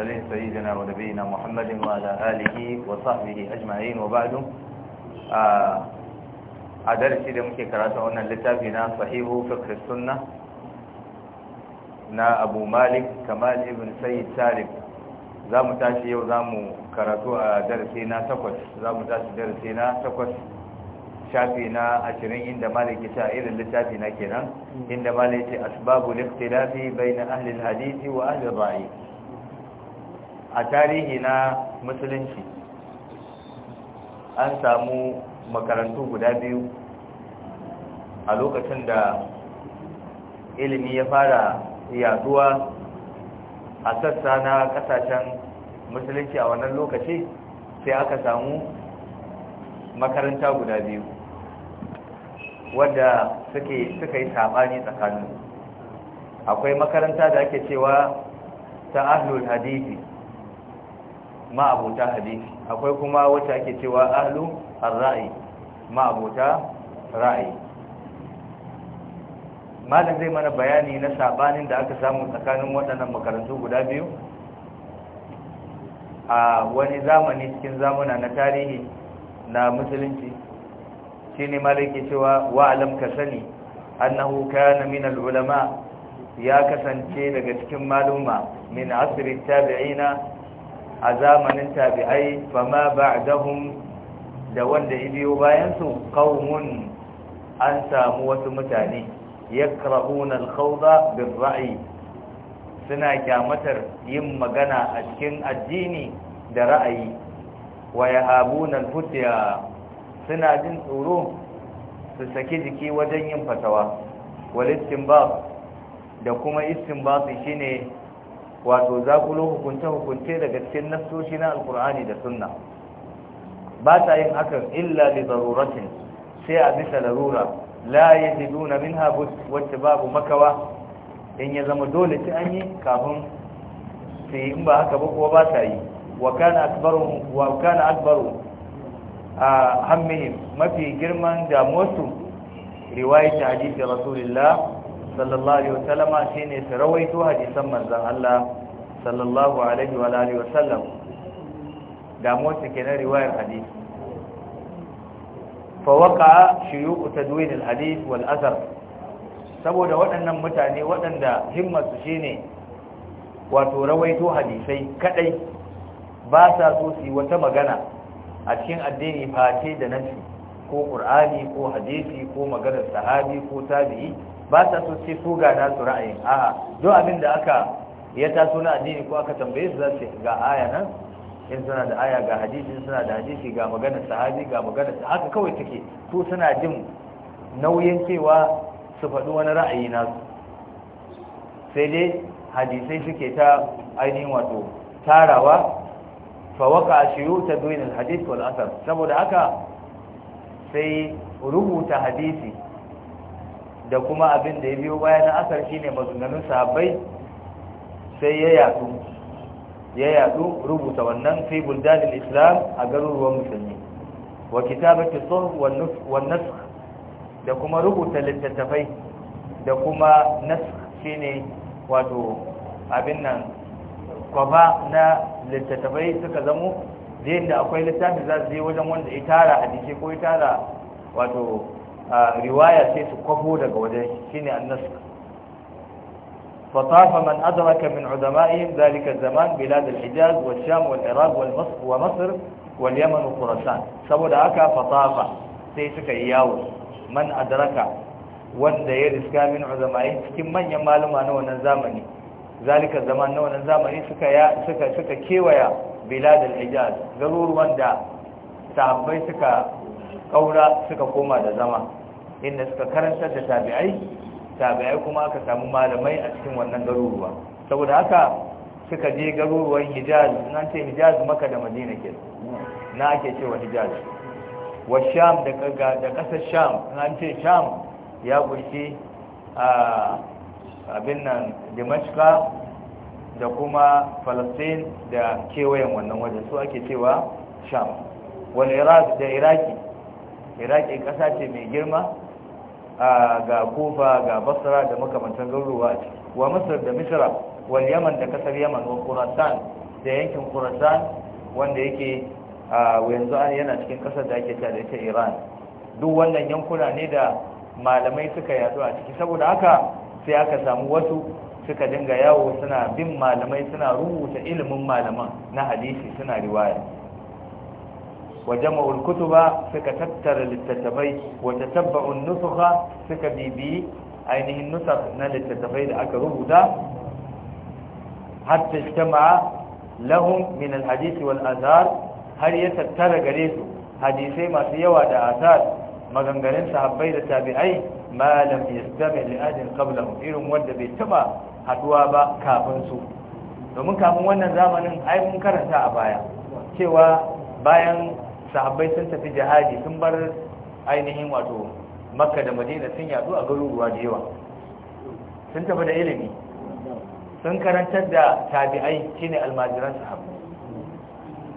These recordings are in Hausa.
المرسلين سيدنا ونبينا محمد وعلى آله وصحبه أجمعين وبعد a darasi da muke karata wannan littafi na sahihu fikr na abu malik kamal ibin sayyid talib za mu tashi yau za mu karatu a darasi na takwas za na shafi na ashirin inda malik ya irin littafi kenan inda malik ya ce asbabul wa ahli a tarihi na musulunci an samu makarantu guda biyu a lokacin da ilimi ya fara yaduwa a sassa na kasashen musulunci a wannan lokaci sai aka samu makaranta guda biyu wadda suka yi sabani tsakanin akwai makaranta da ake cewa ta ahlul hadithi Ma abota hadisi akwai kuma wata ake cewa ahlu ar-ra'i abota ra'ayi malam zai mana bayani na sabanin da aka samu tsakanin waɗannan makarantu guda biyu a wani zamani cikin zamuna na tarihi na musulunci shine ne ke cewa wa alam ka sani annahu kana min al-ulama ya kasance daga cikin maluma min asri tabi'ina a zamanin tabi'ai fama ba'dahum da wanda ya biyo bayan su qaumun an samu wasu mutane yakrahuna al-khawda bil suna kyamatar yin magana a cikin addini da ra'ayi wa yahabuna al-futya suna jin tsoro su saki jiki wajen yin fatawa wal istinbat da kuma istinbat shine wato zakulo hukunce-hukunce daga cikin nassoshi na alkur'ani da sunna ba ta yin hakan illa li zaruratin sai a bisa larura la min minha wacce babu makawa in ya zama dole ci an yi kafin su yi in ba haka ba kuwa ba ta yi wa kana akbaru a hammihim mafi girman damuwarsu riwayat hadisi rasulullah sallallahu alaihi wasallama shine su rawaito hadisan manzon Allah sallallahu alaihi wa alihi wasallam da motsi kenan riwayar hadisi fa waqa shuyuq tadwin alhadith wal athar saboda waɗannan mutane waɗanda himmarsu shine wato rawaito hadisai kadai ba sa so su wata magana a cikin addini face da nafi ko qur'ani ko hadisi ko maganar sahabi ko tabi'i ba ta so ce ko ga nasu ra'ayin a'a duk abin da aka ya taso na addini ko aka tambaye su za su ga aya nan in suna da aya ga hadisi suna da hadisi ga maganar sahabi ga maganar haka kawai take ko suna jin nauyin cewa su faɗi wani ra'ayi nasu sai dai hadisai suke ta ainihin wato tarawa fawaka shiyu ta doyin hadisi wal asar saboda haka sai rubuta hadisi da kuma abin da ya biyo bayan na asar shine mazunganin sahabbai sai ya yadu ya yadu rubuta wannan fi buldanil islam a garuruwan musulmi wa kitabati suhuf wa nasakh da kuma rubuta littattafai da kuma nasakh shine wato abin nan kwafa na littattafai suka zamo da akwai littafin za su je wajen wanda ya tara hadisi ko ya tara wato riwaya sai su kwafo daga wajen shine annasu فطاف من أدرك من عدمائهم ذلك الزمان بلاد الحجاز والشام والعراق والمصر ومصر واليمن وخراسان saboda haka fatafa sai suka yi yawo man adraka wanda ya riska min uzamai cikin manyan maluma na wannan zamani zalika zaman na wannan zamani suka kewaya bilad al garuruwan da sahabbai suka kaura suka koma da zama inda suka karantar da tabi'ai tabi'ai kuma aka samu malamai a cikin wannan garuruwa saboda haka suka je garuruwan hijaz nan ce hijaz maka da madina ke na ake cewa hijaz wa sham da kasar sham nan ce sham ya kunshi a abin nan dimashka da kuma falastin da kewayen wannan wajen su ake cewa sham wani iraq da iraki iraki kasa ce mai girma ga kufa ga basra da makamantan garuruwa wa masar da misra wal yaman da kasar yaman wa kurasan da yankin kurasan wanda yake yanzu an yana cikin kasar da ake da ita iran duk wannan yankuna ne da malamai suka yadu a ciki saboda haka sai aka samu wasu suka dinga yawo suna bin malamai suna rubuta ilimin malaman na hadisi suna riwaya وجمعوا الكتب فكتبتر للتتبي وتتبعوا النسخ فكبيبي أينه النسخ للتتبي لأكره ده حتى اجتمع لهم من الحديث والآثار هل يتتر قريس حديثي ما سيوى ده آثار مغنغرين صحبي لتابعي ما لم يستمع لأجل قبلهم إيرم ود بيتما حدوابا كافنسو domin kafin wannan zamanin ai mun karanta a baya cewa bayan sahabbai sun tafi jihadi sun bar ainihin wato makka da madina sun yadu a garuruwa da yawa sun tafi da ilimi sun karantar da tabi'ai shine almajiran sahabbai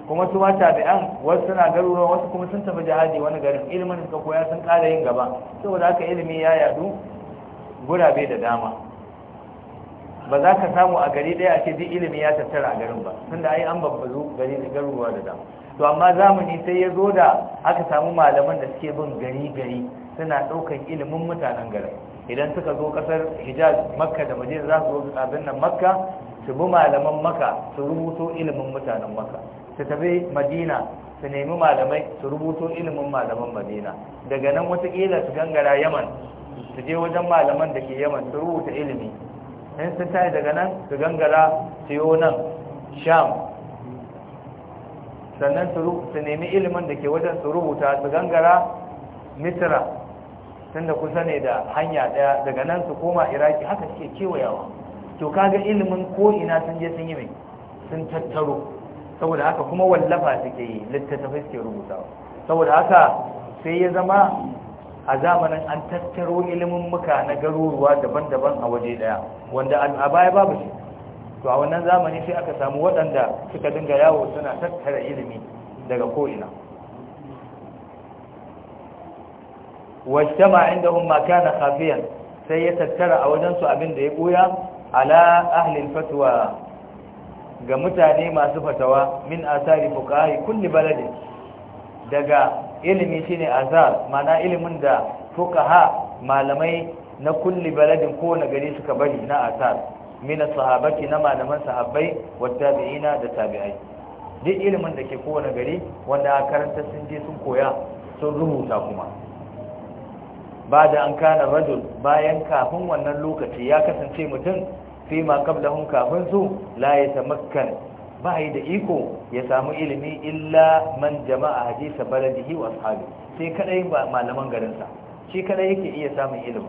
kuma su ma tabi'an wasu suna garuruwa wasu kuma sun tafi jihadi wani garin ilimin suka koya sun kara yin gaba saboda haka ilimi ya yadu gurabe da dama ba za ka samu a gari daya ake ce duk ilimi ya tattara a garin ba tunda ai an babbazu gari da garuruwa da dama to amma zamani sai ya zo da aka samu malaman da suke bin gari gari suna ɗaukan ilimin mutanen gari. idan suka zo ƙasar hijaz makka da madina za su zo abin nan makka su bi malaman makka su rubuto ilimin mutanen makka su tafi madina su nemi malamai su rubuto ilimin malaman madina daga nan watakila su gangara yaman su je wajen malaman da ke yaman su rubuta ilimi in sun tashi daga nan su gangara su nan sham sannan su nemi ilimin da ke wajen su rubuta su gangara tun tunda kusa ne da hanya daya daga nan su koma iraki haka suke kewayawa to kaga ilimin ko ina sun je sun yi mai sun tattaro saboda haka kuma wallafa suke yi littattafai suke rubutawa saboda haka sai ya zama a zamanin an tattaro ilimin muka na garuruwa daban-daban a waje daya wanda a baya babu shi to a wannan zamani sai aka samu waɗanda suka dinga yawo suna tattara ilimi daga ko'ina wajtama indahum ma na khafiyan sai ya tattara a wajen abin da ya buya ala ahlin fatwa ga mutane masu fatawa min asari fuqahi kulli baladin daga ilimi shine azar mana ilimin da fuqaha malamai na kulli baladin ko na gari suka bari na asar Mina sahabati na malaman sahabbai wa tabi'ina da tabi'ai duk ilimin da ke kowane gari wanda a karanta sun je sun koya sun rubuta kuma ba da an kana rajul bayan kafin wannan lokaci ya kasance mutum fi ma hun kafin su la tamakkan ba yi da iko ya samu ilimi illa man jama'a hadisa baladihi wa ashabi sai kadai malaman garinsa shi kadai yake iya samun ilimi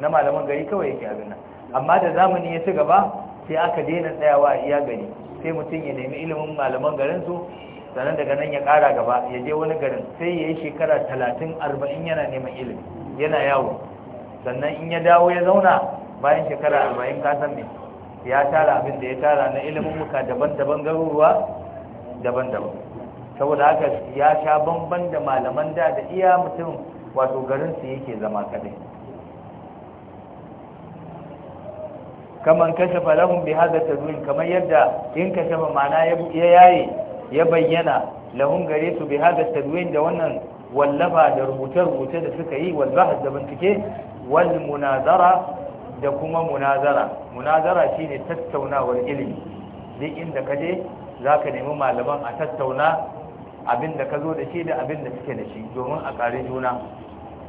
na malaman gari kawai yake abin nan amma da zamani ya ci gaba sai aka daina tsayawa a iya gari sai mutum ya nemi ilimin malaman garin su sannan daga nan ya kara gaba ya je wani garin sai ya yi shekara talatin arba'in yana neman ilimi yana yawo sannan in ya dawo ya zauna bayan shekara arba'in ka san me ya tara abin da ya tara na ilimin muka daban-daban garuruwa daban-daban saboda haka ya sha bamban da malaman da da iya mutum wato garinsu yake zama kadai kaman kashafa lahum bi hadha tadwin kamar yadda in kashafa ma'ana ya yaye ya bayyana lahum gare su bi hadha tadwin da wannan wallafa da rubuce-rubuce da suka yi wal bahth da bincike wal munazara da kuma munazara munazara shine tattaunawar ilimi duk inda ka je zaka nemi malaman a tattauna abin da ka zo da shi da abin da suke da shi domin a kare juna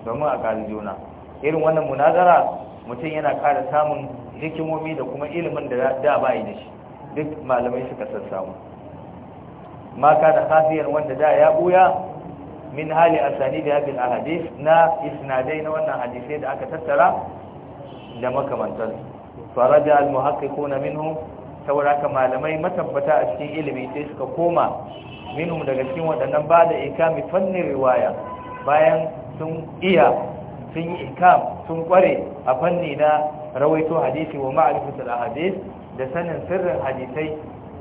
domin a ƙari juna irin wannan munazara mutum yana ƙara samun hikimomi da kuma ilimin da da bai da shi duk malamai suka sassamu maka da kafiyar wanda da ya buya min hali asani da a hadis na isnadai na wannan hadisai da aka tattara da makamantan faraja al na minhu sauraka malamai matabbata a cikin ilimi sai suka koma minhum daga cikin waɗannan ba da ikami fannin riwaya bayan sun iya sun yi ikam sun kware a fanni na rawaito hadisi wa ma'rifatul ahadith da sanin sirrin hadisai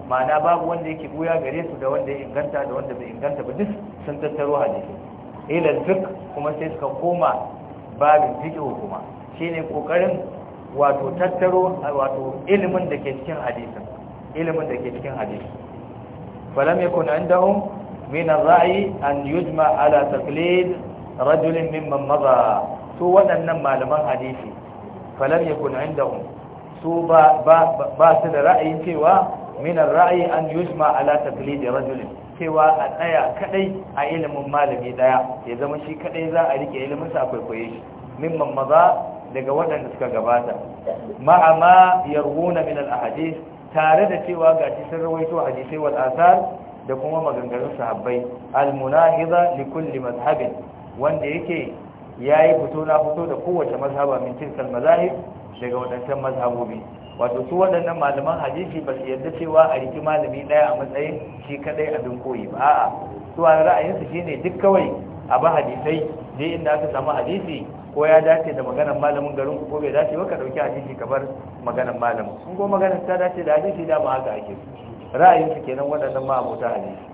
ma'ana babu wanda yake buya gare su da wanda ya inganta da wanda bai inganta ba duk sun tattaro hadisi ila fiqh kuma sai suka koma babin fiqh kuma shine kokarin wato tattaro wato ilimin da ke cikin hadisin ilimin da ke cikin hadisi falam yakun indahum min ar-ra'yi an yujma ala taqlid rajulin mimman madha su waɗannan malaman hadisi falam yakun indahum su ba ba su da ra'ayin cewa min ra'ayi rayi an yujma ala taqlid rajul cewa a tsaya kadai a ilimin malami daya ya zama shi kadai za a rike ilimin sa kwaikwaye shi mimman maza daga waɗanda suka gabata ma'a ma yarwuna min al ahadis. tare da cewa ga sun rawaito hadisai wal asar da kuma maganganun sahabbai al-munahiza li kulli madhhabin wanda yake ya yi fito na fito da kowace mazhaba min tilkal mazahib daga waɗancan mazhabobi wato su waɗannan malaman hadisi ba su yarda cewa a riki malami ɗaya a matsayin shi kaɗai abin koyi ba a'a su wani ra'ayinsu shine duk kawai a ba hadisai dai inda aka samu hadisi ko ya dace da maganar malamin garin ko bai dace ba ka ɗauki hadisi kamar maganar malamin in ko maganar ta dace da hadisi dama haka ake ra'ayinsu kenan waɗannan ma abota hadisi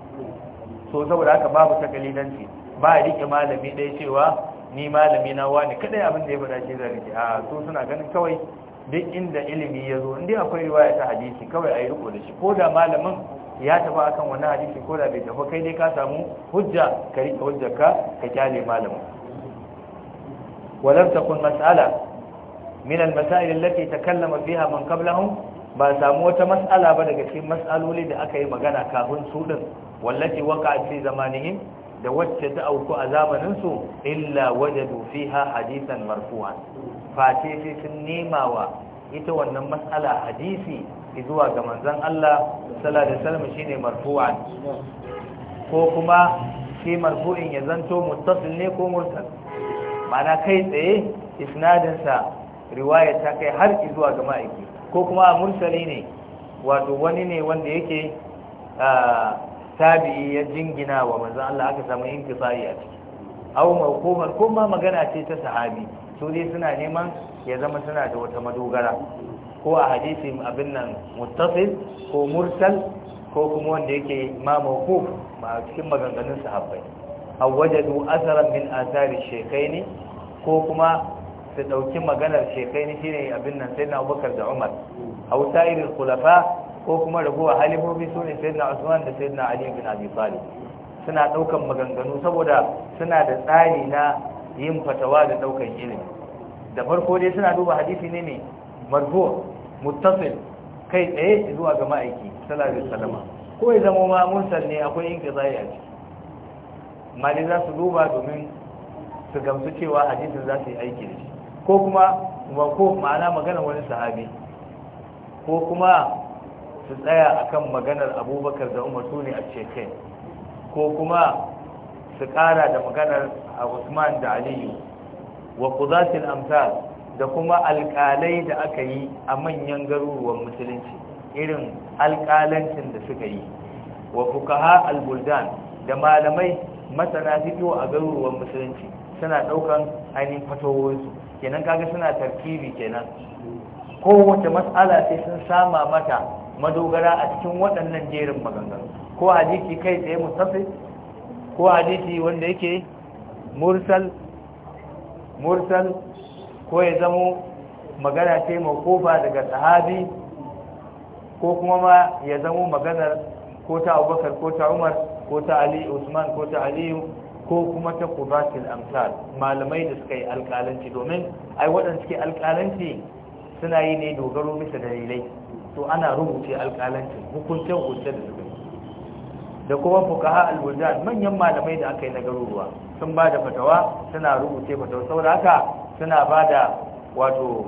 so saboda haka babu takalilanci ba a rike malami ɗaya cewa ni malami na wani kadai abin da ya bada shi zan a su suna ganin kawai duk inda ilimi ya zo inda akwai riwaya ta hadisi kawai a yi riko da shi ko da malamin ya tafi akan wani hadisi ko da bai tafi kai dai ka samu hujja ka rike hujjarka ka kyale malamin ولم mas'ala min al-masail allati takallama fiha man qablahum ba samu wata mas'ala ba daga cikin mas'aloli da aka yi magana kafin su din wallati waqa'a fi zamanihim da wacce ta auku a zamaninsu illa wajadu fiha hadisan marfu'an face sai sun nemawa ita wannan mas'ala hadisi zuwa ga manzon Allah sallallahu alaihi wasallam shine marfu'an ko kuma shi marfu'in ya zanto muttasil ne ko mursal mana kai tsaye isnadin sa riwaya ta kai har zuwa ga ma'aiki ko kuma mursali ne wato wani ne wanda yake ah, tabi'i ya jingina wa manzon Allah aka samu intisari a ciki aw mawqufan ko ma magana ce ta sahabi su dai suna neman ya zama suna da wata madogara ko a hadisi abin nan muttasil ko mursal ko kuma wanda yake ma mawquf ma cikin maganganun sahabbai aw wajadu asaran min athari shaykhaini ko kuma su dauki maganar shaykhaini shine abin nan sayyidina Abubakar da Umar aw sa'iril khulafa ko kuma raguwa halifofi su ne sayyidina usman da sayyidina ali bin abi talib suna daukan maganganu saboda suna da tsari na yin fatawa da daukan ilimi da farko dai suna duba hadisi ne mai. marfu muttasil kai tsaye zuwa ga ma'aiki sallallahu alaihi wasallam ko ya zama ma mursal ne akwai yin inqizai a ciki mali za su duba domin su gamsu cewa hadisin za su yi aiki da shi ko kuma ko ma'ana magana wani sahabi ko kuma su tsaya a kan maganar abubakar da umar sune a cikin ko kuma su kara da maganar a usman da aliyu wa kuzatil amsal da kuma alkalai da aka yi a manyan garuruwan musulunci irin alkalancin da suka yi wa fukaha albuldan da malamai masana fito a garuruwan musulunci suna daukan ainihin fatowarsu kenan kaga suna tarkibi kenan kowace matsala sai sun sama mata madogara a cikin waɗannan jerin maganganu ko hadisi kai tsaye musafi ko hadisi wanda yake mursal mursal ko ya zamo magana ce kofa daga sahabi ko kuma ma ya zamo maganar ko ta abubakar ko ta umar ko ta ali usman ko ta aliyu ko kuma ta kubatil amsal malamai da suka yi alƙalanci domin ai waɗanda suke alƙalanci suna yi ne dogaro bisa dalilai to ana rubuce alƙalancin hukuncin hukuncin da suka da kuma fukaha alwujan manyan malamai da aka yi na garuruwa sun ba da fatawa suna rubuce fatawa saboda haka suna ba da wato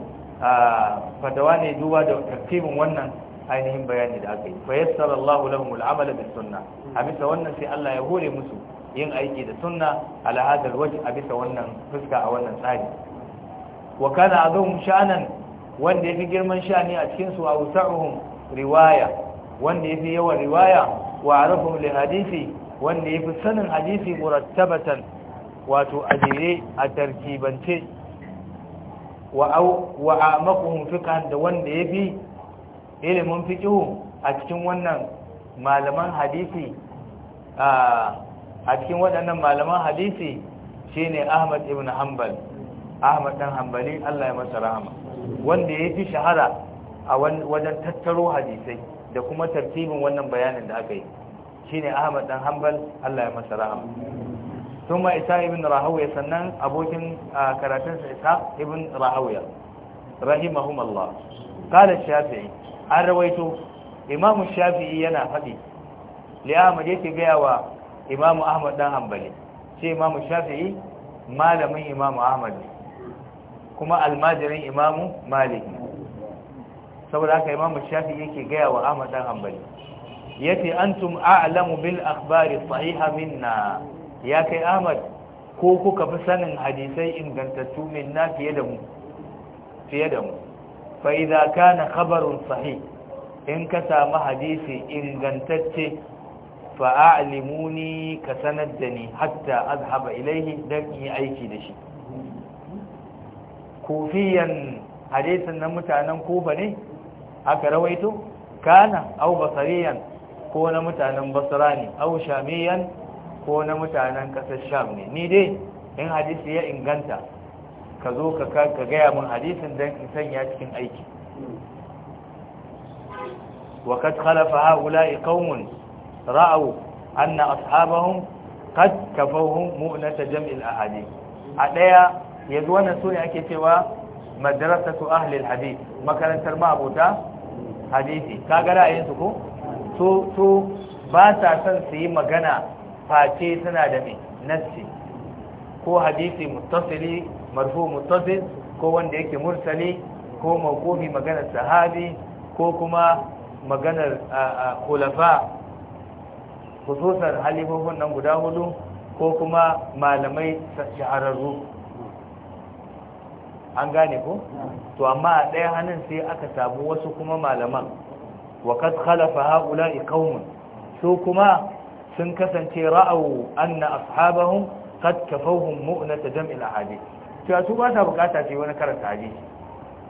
fatawa ne duba da tartibin wannan ainihin bayani da aka yi fa yassara Allahu lahum al-amal bis sunna a bisa wannan sai Allah ya hore musu yin aiki da sunna ala hadal a bisa wannan fuska a wannan tsari wa kana azum sha'anan wanda ya fi girman shani a cikinsu a wuta'uhum riwaya wanda ya fi yawan riwaya wa arafin hadisi wanda ya fi sanin hadisi murattabatan wato a jere a tarkibance wa a makuhun da wanda ya fi ilimin fiƙihu a cikin wannan malaman hadisi a cikin waɗannan malaman hadisi shine ahmad ibn hanbal ahmad dan hanbali Allah ya masa rahama wanda ya fi shahara a wajen tattaro hadisai da kuma tartibin wannan bayanin da aka yi shine ahmad dan hanbal Allah ya masa rahama thumma isa ibn rahawiya sannan abokin karatun sa isa ibn rahawiya rahimahumullah qala shafi'i an rawaito imam shafi'i yana faɗi li ahmad yake gaya wa imam ahmad dan hanbali sai imam shafi'i malamin imam ahmad ne kuma almajirin imamu Maliki saboda haka imamu shafi yake gaya wa ahmad dan ce, yace antum a'lamu bil akhbari sahiha minna ya kai ahmad ko kuka fi sanin hadisai ingantattu minna fiye da mu fiye da mu fa idza kana khabarun sahih in ka samu hadisi ingantacce fa a'limuni ka sanar da ni hatta azhaba ilaihi dan yi aiki da shi kufiyan hadisin na mutanen Kofa ne aka rawaito kana au basariyan ko na mutanen basra ne au shamiyan ko na mutanen kasar sham ne ni dai in hadisi ya inganta ka zo ka gaya min hadisin dan in sanya cikin aiki وقد خلف هؤلاء قوم رأوا أن أصحابهم قد كفوهم مؤنة جمع الأحاديث yanzu wannan sune ake cewa madrasatu ahli alhadith makarantar ma'abuta hadisi kaga ra'ayin su ko to ba sa son su yi magana face suna da me nassi ko hadisi muttasili marfu muttasil ko wanda yake mursali ko mawqufi maganar sahabi ko kuma maganar khulafa khususan halifofin nan guda hudu ko kuma malamai shahararru an gane ko to amma a ɗaya hannun sai aka samu wasu kuma malaman wa kad khalafa haula'i qaumun su kuma sun kasance ra'au anna ashabahum kad kafawhum mu'nata jam'il ahadith to su ba ta bukata sai wani karanta hadisi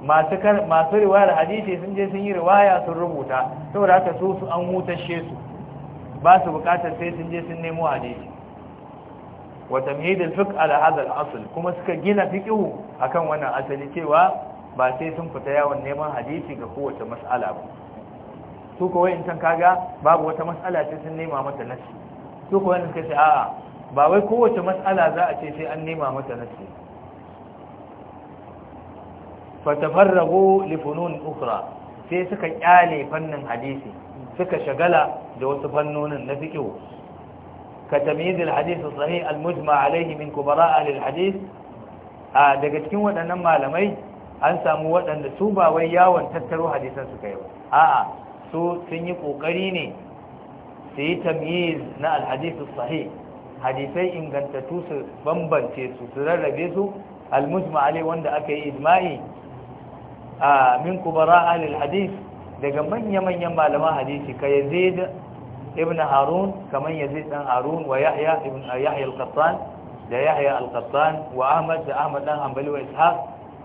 masu masu riwayar hadisi sun je sun yi riwaya sun rubuta saboda haka su su an hutashe su ba su bukatar sai sun je sun nemo hadisi wa tamhid al-fiqh ala hadha al-asl kuma suka gina fiqhu akan wannan asali cewa ba sai sun fita yawon neman hadisi ga kowace mas'ala ba su ko wayin can kaga babu wata mas'ala sai sun nema mata nasi su ko wayin suka a a'a ba wai kowace mas'ala za a ce sai an nema mata nasi fa tafarragu li funun ukhra sai suka kyale fannin hadisi suka shagala da wasu fannonin na fiqhu كتمييز الحديث الصحيح المجمع عليه من كبراء أهل الحديث daga cikin waɗannan malamai an samu waɗanda su ba wai yawon tattaro hadisan su kai ba a'a su sun yi ƙoƙari ne su yi tamyiz na alhadisu sahih hadisai ingantattu su bambance su su rarrabe su almujma alai wanda aka yi ijma'i a min kubara alil hadis daga manya-manyan malaman hadisi ka yazid ibn harun kamar yazid dan harun wa yahya ibn eh, yahya al-qattan da yahya al-qattan wa ahmad da ahmad dan hanbali wa ishaq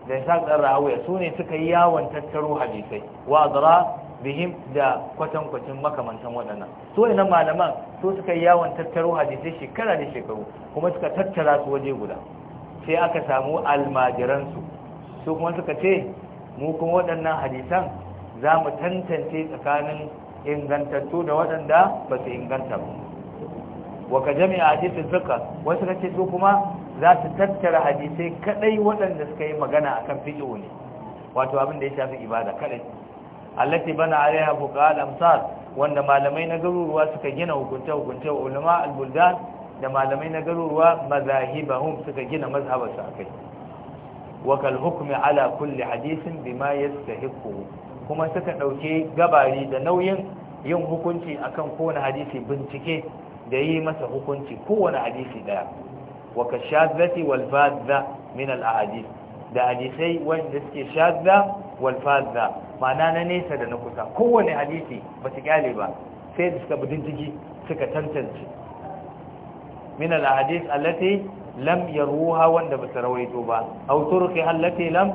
da ishaq dan rahawiya su ne suka yi yawon tattaro hadisai wa adra bihim da kwatankwacin makamantan waɗannan su nan malaman su suka yi yawon tattaro hadisai shekara da shekaru kuma suka tattara su waje guda sai aka samu almajiransu su kuma suka ce mu kuma waɗannan hadisan za mu tantance tsakanin ingantattu da waɗanda ba su inganta ba wa ka jami'a hadisin suka wasu kace su kuma za su tattara hadisai kadai waɗanda suka yi magana akan fiqh ne wato abin da ya shafi ibada kadai allati bana alaiha fuqal amsal wanda malamai na garuruwa suka gina hukunta-hukunta, ulama albuldan da malamai na garuruwa mazahibahum suka gina mazhabarsu akai wakal hukmi ala kulli hadisin bima yastahiqu kuma suka ɗauke gabari da nauyin yin hukunci akan kowane hadisi bincike da yi masa hukunci kowane hadisi ɗaya. wa ka shazati wal min da hadisai wanda suke shazza wal ma'ana na nesa da na kusa kowane hadisi ba su kyale ba sai da suka bincike suka tantance min al a allati lam ruwa wanda ba su rawaito ba aw turqi allati lam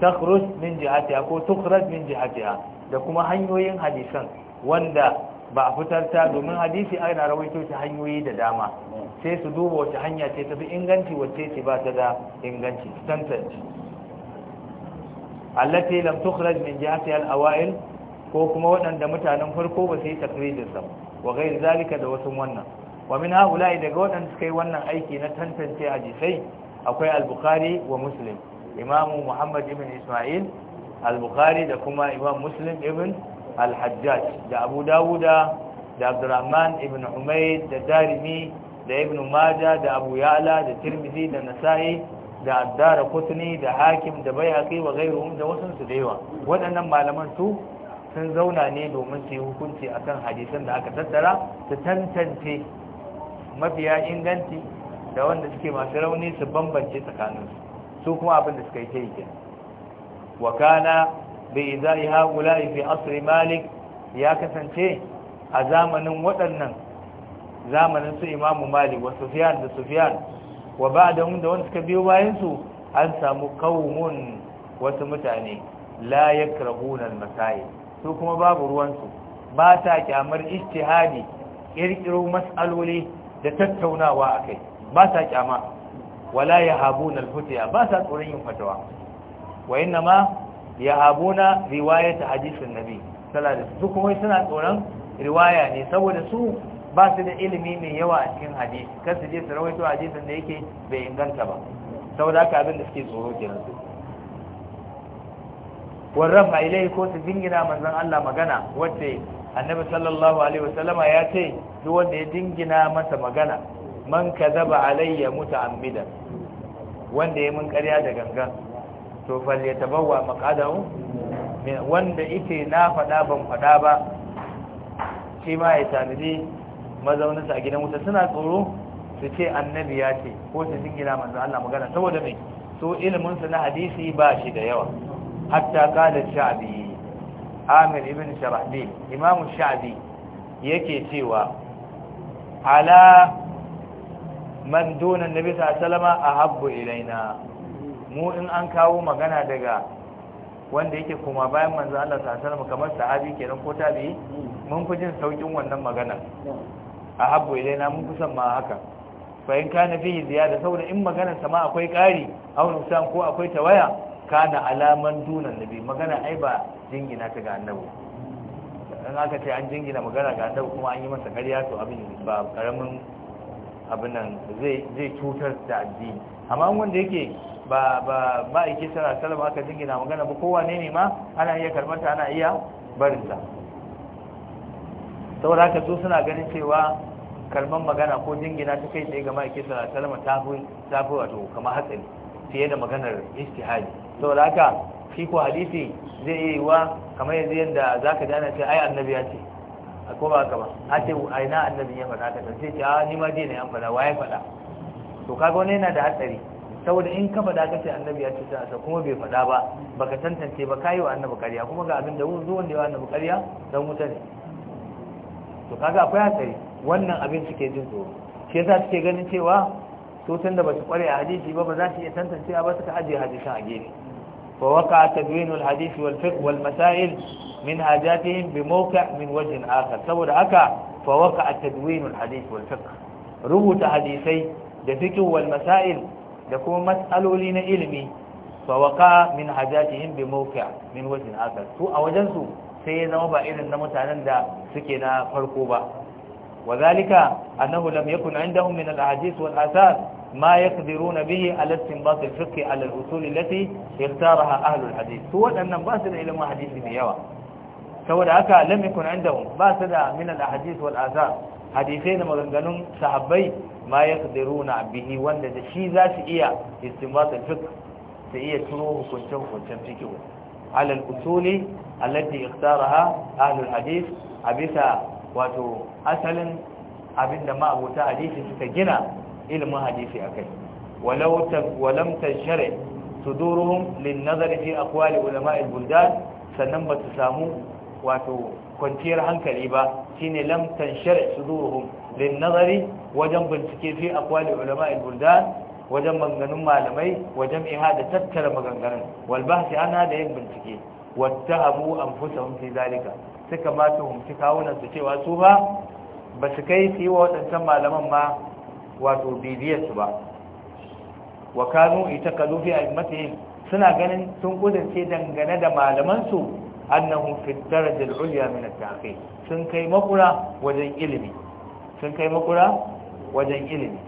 takhruj min jihatiha ko tukhraj min jihatiha da kuma hanyoyin hadisan wanda ba a fitar ta domin hadisi ana rawaito ta hanyoyi da dama sai su duba wace hanya ce tafi inganci wacce ce ba ta da inganci tantance allati lam tukhraj min jihatiha al-awail ko kuma waɗanda mutanen farko ba su yi takrijin sa wa ghair zalika da wasu wannan wa min haula'i daga waɗanda suka yi wannan aiki na tantance hadisai akwai al-bukhari wa muslim imamu muhammad ibn isma'il al-bukhari da kuma imam muslim ibn al-hajjaj da abu dawuda da abdurrahman ibn humayd da darimi da ibn maja da abu ya'la da tirmidhi da nasa'i da addara kutni da hakim da bayhaqi wa ghayruhum da wasu su da yawa waɗannan malaman su sun zauna ne domin su yi hukunci akan hadisan da aka tattara su tantance mafiya inganci da wanda suke masu rauni su bambance tsakaninsu su kuma abin da suka yi ta yi kenan wa kana bi izai haula fi asri malik ya kasance a zamanin waɗannan zamanin su imamu malik wa sufyan da sufyan wa ba'dahum da wanda suka biyo bayan su an samu qaumun wasu mutane la yakrahuna al-masail su kuma babu ruwan su ba ta kyamar ijtihadi kirkiro mas'aloli da tattaunawa akai ba ta kyama wala yahabuna al-futiya ba sa tsoron yin fatawa wa ya yahabuna riwayat hadisin nabi sallallahu alaihi su kuma suna tsoron riwaya ne saboda su ba su da ilimi mai yawa a cikin hadisi kar su je su rawaito hadisin da yake bai inganta ba saboda haka abin da suke tsoro kenan su a ilai ko su jingina manzon Allah magana wacce annabi sallallahu alaihi wasallama ya ce duk wanda ya jingina masa magana man kadaba alayya muta'ammidan wanda ya mun karya da gangan to falle bawa maqadahu wanda ite na faɗa ban faɗa ba shi ma ya tanadi mazauninsa a gidan wuta suna tsoro su ce annabi ya ce ko su jingina manzo Allah magana saboda mai so ilimin su na hadisi ba shi da yawa hatta kada sha'abi Amir ibn Sharahbi imamu sha'bi yake cewa ala man donan nabi salama a habbu ilaina mu in an kawo magana daga wanda yake kuma bayan manzo Allah salama kamar sahabi kenan ko tabi mun fi jin saukin wannan magana a habbu ilaina mun son ma haka fa in kana fihi ziyada saboda in maganar sama akwai ƙari aw nusan ko akwai tawaya kana alaman dunan nabi magana ai ba jingina ta ga annabi dan aka ce an jingina magana ga annabi kuma an yi masa ƙarya to abin ba karamin abin nan zai cutar da addini amma wanda yake ba ba ba yake sara salama aka jingina magana ba kowa ne ma ana iya karmata ana iya barinta saboda haka su suna ganin cewa kalman magana ko jingina ta kai tsaye ga ma'aikin sara salama ta fi ta wato kamar hatsari fiye da maganar istihadi saboda haka shi ko hadisi zai yi wa kamar yanzu yadda zaka ka ana ce ai annabi ya ce ko ba haka ba a ce a ina annabi ya faɗa ka sai ce a ni ma je ne an faɗa waye faɗa to kaga wani yana da hatsari saboda in ka faɗa ka ce annabi ya ce ta asa kuma bai faɗa ba baka tantance ba kayi wa annabi ƙarya kuma ga abin da zo wanda ya annabi ƙarya dan wuta ne to kaga akwai hatsari wannan abin suke jin tsoro shi yasa suke ganin cewa to tunda ba su kware a hadisi ba ba za su iya tantancewa ba suka ajiye hadisan a gefe ووقع تدوين الحديث والفقه والمسائل من حاجاتهم بموقع من وجه آخر سبب هكا فوقع تدوين الحديث والفقه ربط حديثي دفكه والمسائل لكون مسألوا لنا علمي فوقع من حاجاتهم بموقع من وجه آخر سوء وجنسوا سيدنا وبا إذن متعلن دا سكنا فرقوبا وذلك أنه لم يكن عندهم من الأحاديث والآثار ma yaqdiruna bihi ala istinbat al-fiqh ala al-usul allati ikhtaraha ahli al-hadith to wadannan ba su da ilimin hadisi mai yawa saboda haka lam yakun indahum ba su da min al-ahadith wal azar hadisai da maganganun sahabbai ma yaqdiruna bihi wanda shi za su iya istinbat al-fiqh su iya turo hukuncin hukuncin fiqh wato asalin abinda ma'abuta hadisi suka gina ilimin hadisi akai walau walam tashari suduruhum lin nazar fi aqwali ulama al sannan ba su samu wato kwanciyar hankali ba shine lam su suduruhum lin nazari wajen bincike fi aqwali ulama al wajen maganganun malamai wajen da tattara maganganun wal bahsi ana da yin bincike wattahamu anfusahum fi zalika suka ma tuhumci kawunan su cewa su ba ba su kai su yi wa waɗancan malaman ma wato bibiyarsu su ba wa kanu itakalu fi aimatihim suna ganin sun kudurce dangane da malamansu, su annahu fi darajal ulya min at-ta'qi sun kai makura wajen ilimi sun kai makura wajen ilimi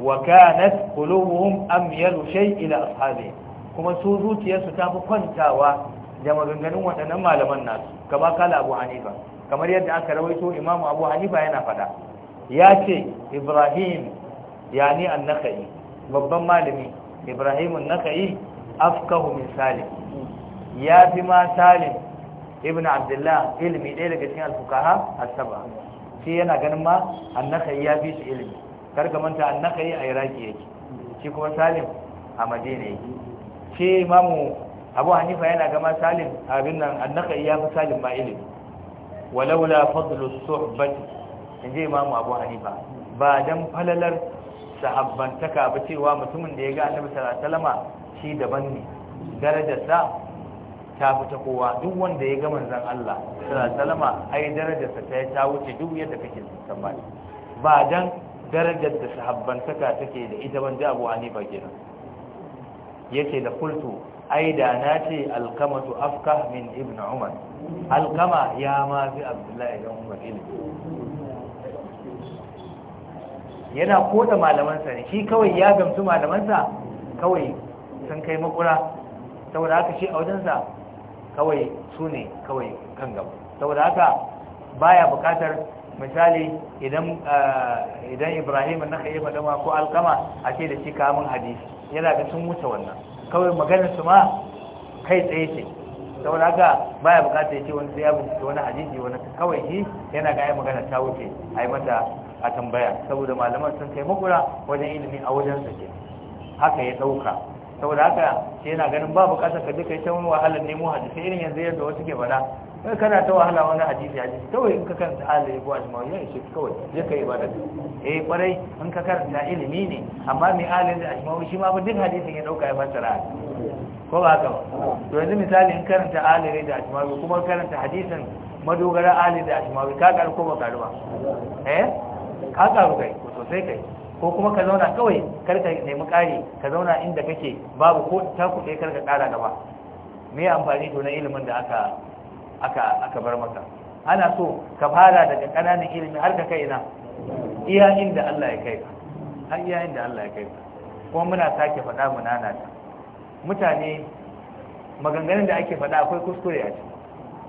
wa kanat qulubuhum amyalu shay ila ashabi kuma su zuciyarsu ta fi kwantawa da maganganun waɗannan malaman nasu kama kala abu hanifa kamar yadda aka rawaito imamu abu hanifa yana faɗa ya ce ibrahim ya ni an naka'i babban malami ibrahimun naka'i afkahu min salim ya fi ma salim ibn abdullah ilimi ɗaya daga cikin alfukaha asaba shi yana ganin ma an naka'i ya fi shi ilimi karka manta an naka'i a iraki yake shi kuma salim a madina yake shi imamu abu hanifa yana gama salim abin nan an naka'i ya fi salim ma ilimi walaula fadlu suhbati in je imamu abu hanifa ba dan falalar sahabbantaka ba cewa mutumin da ya ga annabi sallallahu alaihi wasallama shi daban ne darajarsa ta fi ta kowa duk wanda ya ga manzon Allah sallallahu alaihi wasallama ai darajarsa ta ta wuce duk yadda kake tsammani ba dan darajar da sahabbantaka take da ita ban da abu hanifa kenan yace da kultu ai da na ce alkamatu afkah min ibn umar alkama ya ma fi abdullahi ibn umar ilmi yana koda malamansa ne shi kawai ya gamsu malamansa kawai sun kai makura saboda haka shi a sa, kawai su ne kawai kan gaba saboda haka baya bukatar misali idan eh, idan Ibrahim na kai faɗa ma ko alkama a ce da shi kamun hadisi yana da sun wuce wannan kawai maganar su ma kai tsaye ce saboda haka baya bukatar ya ce wani sai ya bincike wani hadisi wani kawai shi yana ga ai magana ta wuce ai mata a tambaya saboda malaman sun kai makura wajen ilimi a wajen su haka ya dauka saboda haka sai yana ganin babu kasa ka duka ita wani wahalar nemo hadisi irin yanzu yadda wasu ke bana kai kana ta wahala wani hadisi hadisi kawai in ka karanta alai ko ajma ya ishe kawai ya kai ibada eh kwarai in ka karanta ilimi ne amma mai alai da ajma shi ma ba duk hadisin ya dauka ya fassara ko ba haka ba to yanzu misali in karanta alai da ajma kuma karanta hadisin madogara alai da ajma ka karu ko ba karu ba eh ka karu kai ko sosai kai ko kuma ka zauna kawai kar ka nemi kare ka zauna inda kake babu ko ta ku kai kar ka kara gaba me amfani to na ilimin da aka aka aka bar maka ana so ka fara daga kananan ilimi har ka kai ina iya inda Allah ya kai ka har iya inda Allah ya kai ka kuma muna sake faɗa mu nana ta mutane maganganun da ake faɗa akwai kuskure a ciki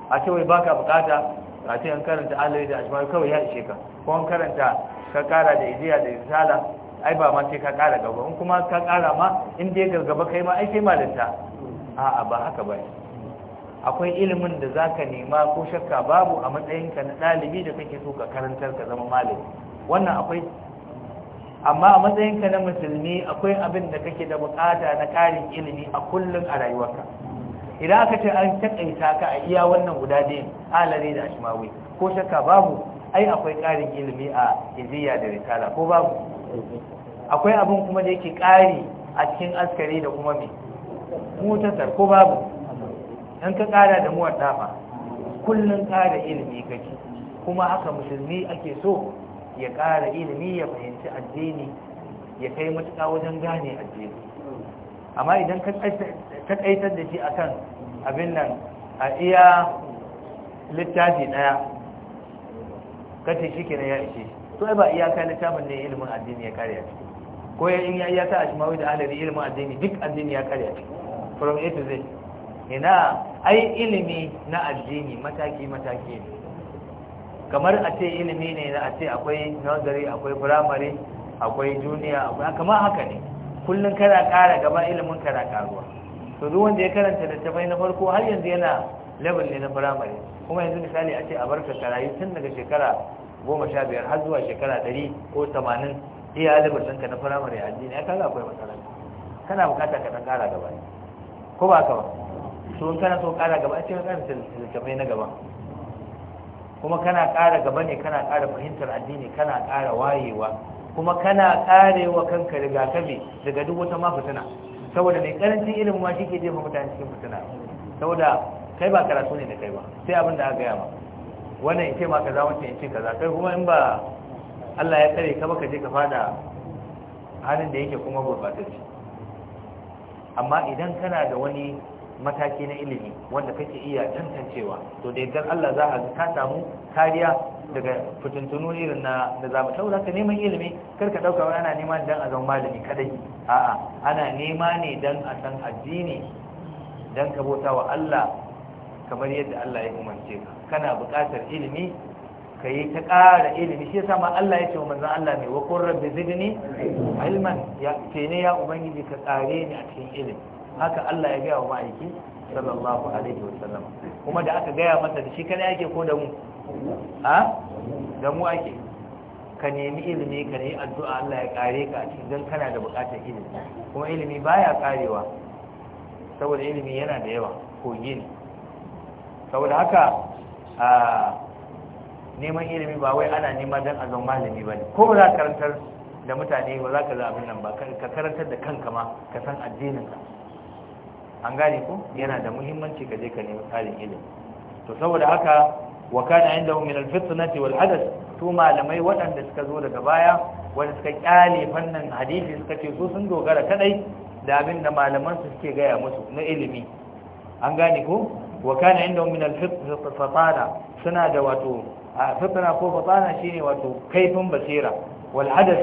a ce wai baka bukata a ce an karanta Allah da asma kawai ya ishe ka ko karanta ka kara da iziya da risala ai ba ma sai ka kara gaba in kuma ka kara ma in dai gaba kai ma ai kai malinta a'a ba haka ba akwai ilimin da zaka nema ko shakka babu a matsayinka na ɗalibi da kake so ka karantar ka zama malami wannan akwai amma a matsayinka na musulmi akwai abin da kake da bukata na ƙarin ilimi a kullum a rayuwarka idan aka ce an taƙaita ka a iya wannan guda ɗin alare da ashimawi ko shakka babu ai akwai ƙarin ilimi a iziya da risala ko babu akwai abin kuma da yake ƙari a cikin askari da kuma mai mutatar ko babu in ka ƙara da muwar dama kullum ƙara ilimi kake kuma haka musulmi ake so ya ƙara ilimi ya fahimci addini ya kai matuƙa wajen gane addini amma idan ka ƙaitar da shi akan abin nan a iya littafi ɗaya kace shi kenan ya ishe to ai ba iyaka littafin ne ilimin addini ya kare shi ko ya in ya iyaka a shimawi da alari ilimin addini duk addini ya kare shi from A to Z ina ai ilimi na addini mataki mataki ne kamar a ce ilimi ne na a ce akwai nursery akwai primary akwai junior akwai kamar haka ne kullun kana kara gaba ilimin kana karuwa to duk wanda ya karanta tabai na farko har yanzu yana level ne na firamare kuma yanzu misali a ce a barka karayi tun daga shekara goma sha biyar har zuwa shekara ɗari ko tamanin iya level ɗinka na firamare a addini ya kaga akwai matsala kana bukata ka ɗan ƙara gaba ko ba ka ba su in kana so ƙara gaba a ce ka ƙara littattafai na gaba kuma kana ƙara gaba ne kana ƙara fahimtar addini kana ƙara wayewa kuma kana ƙarewa kanka rigakafi daga duk wata ma fitina saboda mai ƙarancin ilimin ma shi ke jefa mutane cikin fitina saboda kai ba karatu ne da kai ba sai abin da aka gaya ma wannan in ce ma kaza wancan in ce kaza kai kuma in ba Allah ya tsare ka baka je ka fada halin da yake kuma gurbatacce amma idan kana da wani mataki na ilimi wanda kake iya tantancewa to da yadda Allah za a ka samu kariya daga fitintunu irin na da zama saboda ka neman ilimi kar ka dauka ana nema dan a zama malami kadai a'a ana nema ne dan a san addini dan ka bota wa Allah kamar yadda Allah ya umarce ka kana buƙatar ilimi ka yi ta ƙara ilimi shi yasa ma Allah ya ce wa manzon Allah ne wa kun rabbi zidni ilman ya ce ne ya ubangiji ka ƙare ni a cikin ilimi haka Allah ya gaya wa ma'aiki sallallahu alaihi wa sallam kuma da aka gaya masa da shi kana yake ko da mu a da mu ake ka nemi ilimi ka yi addu'a Allah ya kare ka a cikin dan kana da bukatar ilimi kuma ilimi baya karewa saboda ilimi yana da yawa ko ne saboda haka a neman ilimi ba wai ana nema don a zama malami ba ne ko ba za ka karantar da mutane ba za ka za abin nan ba ka karantar da kanka ma ka san addininka an gane ko yana da muhimmanci ka je ka nemi tsarin ilimi to saboda haka wa kana indahu min al-fitnati wal hadath to malamai waɗanda suka zo daga baya wanda suka kyale fannin hadisi suka ce su sun dogara kadai da abin da malaman su suke gaya musu na ilimi an gane ko wakana kana min suna da wato fitna ko fatana shine wato kaifin basira wal hadas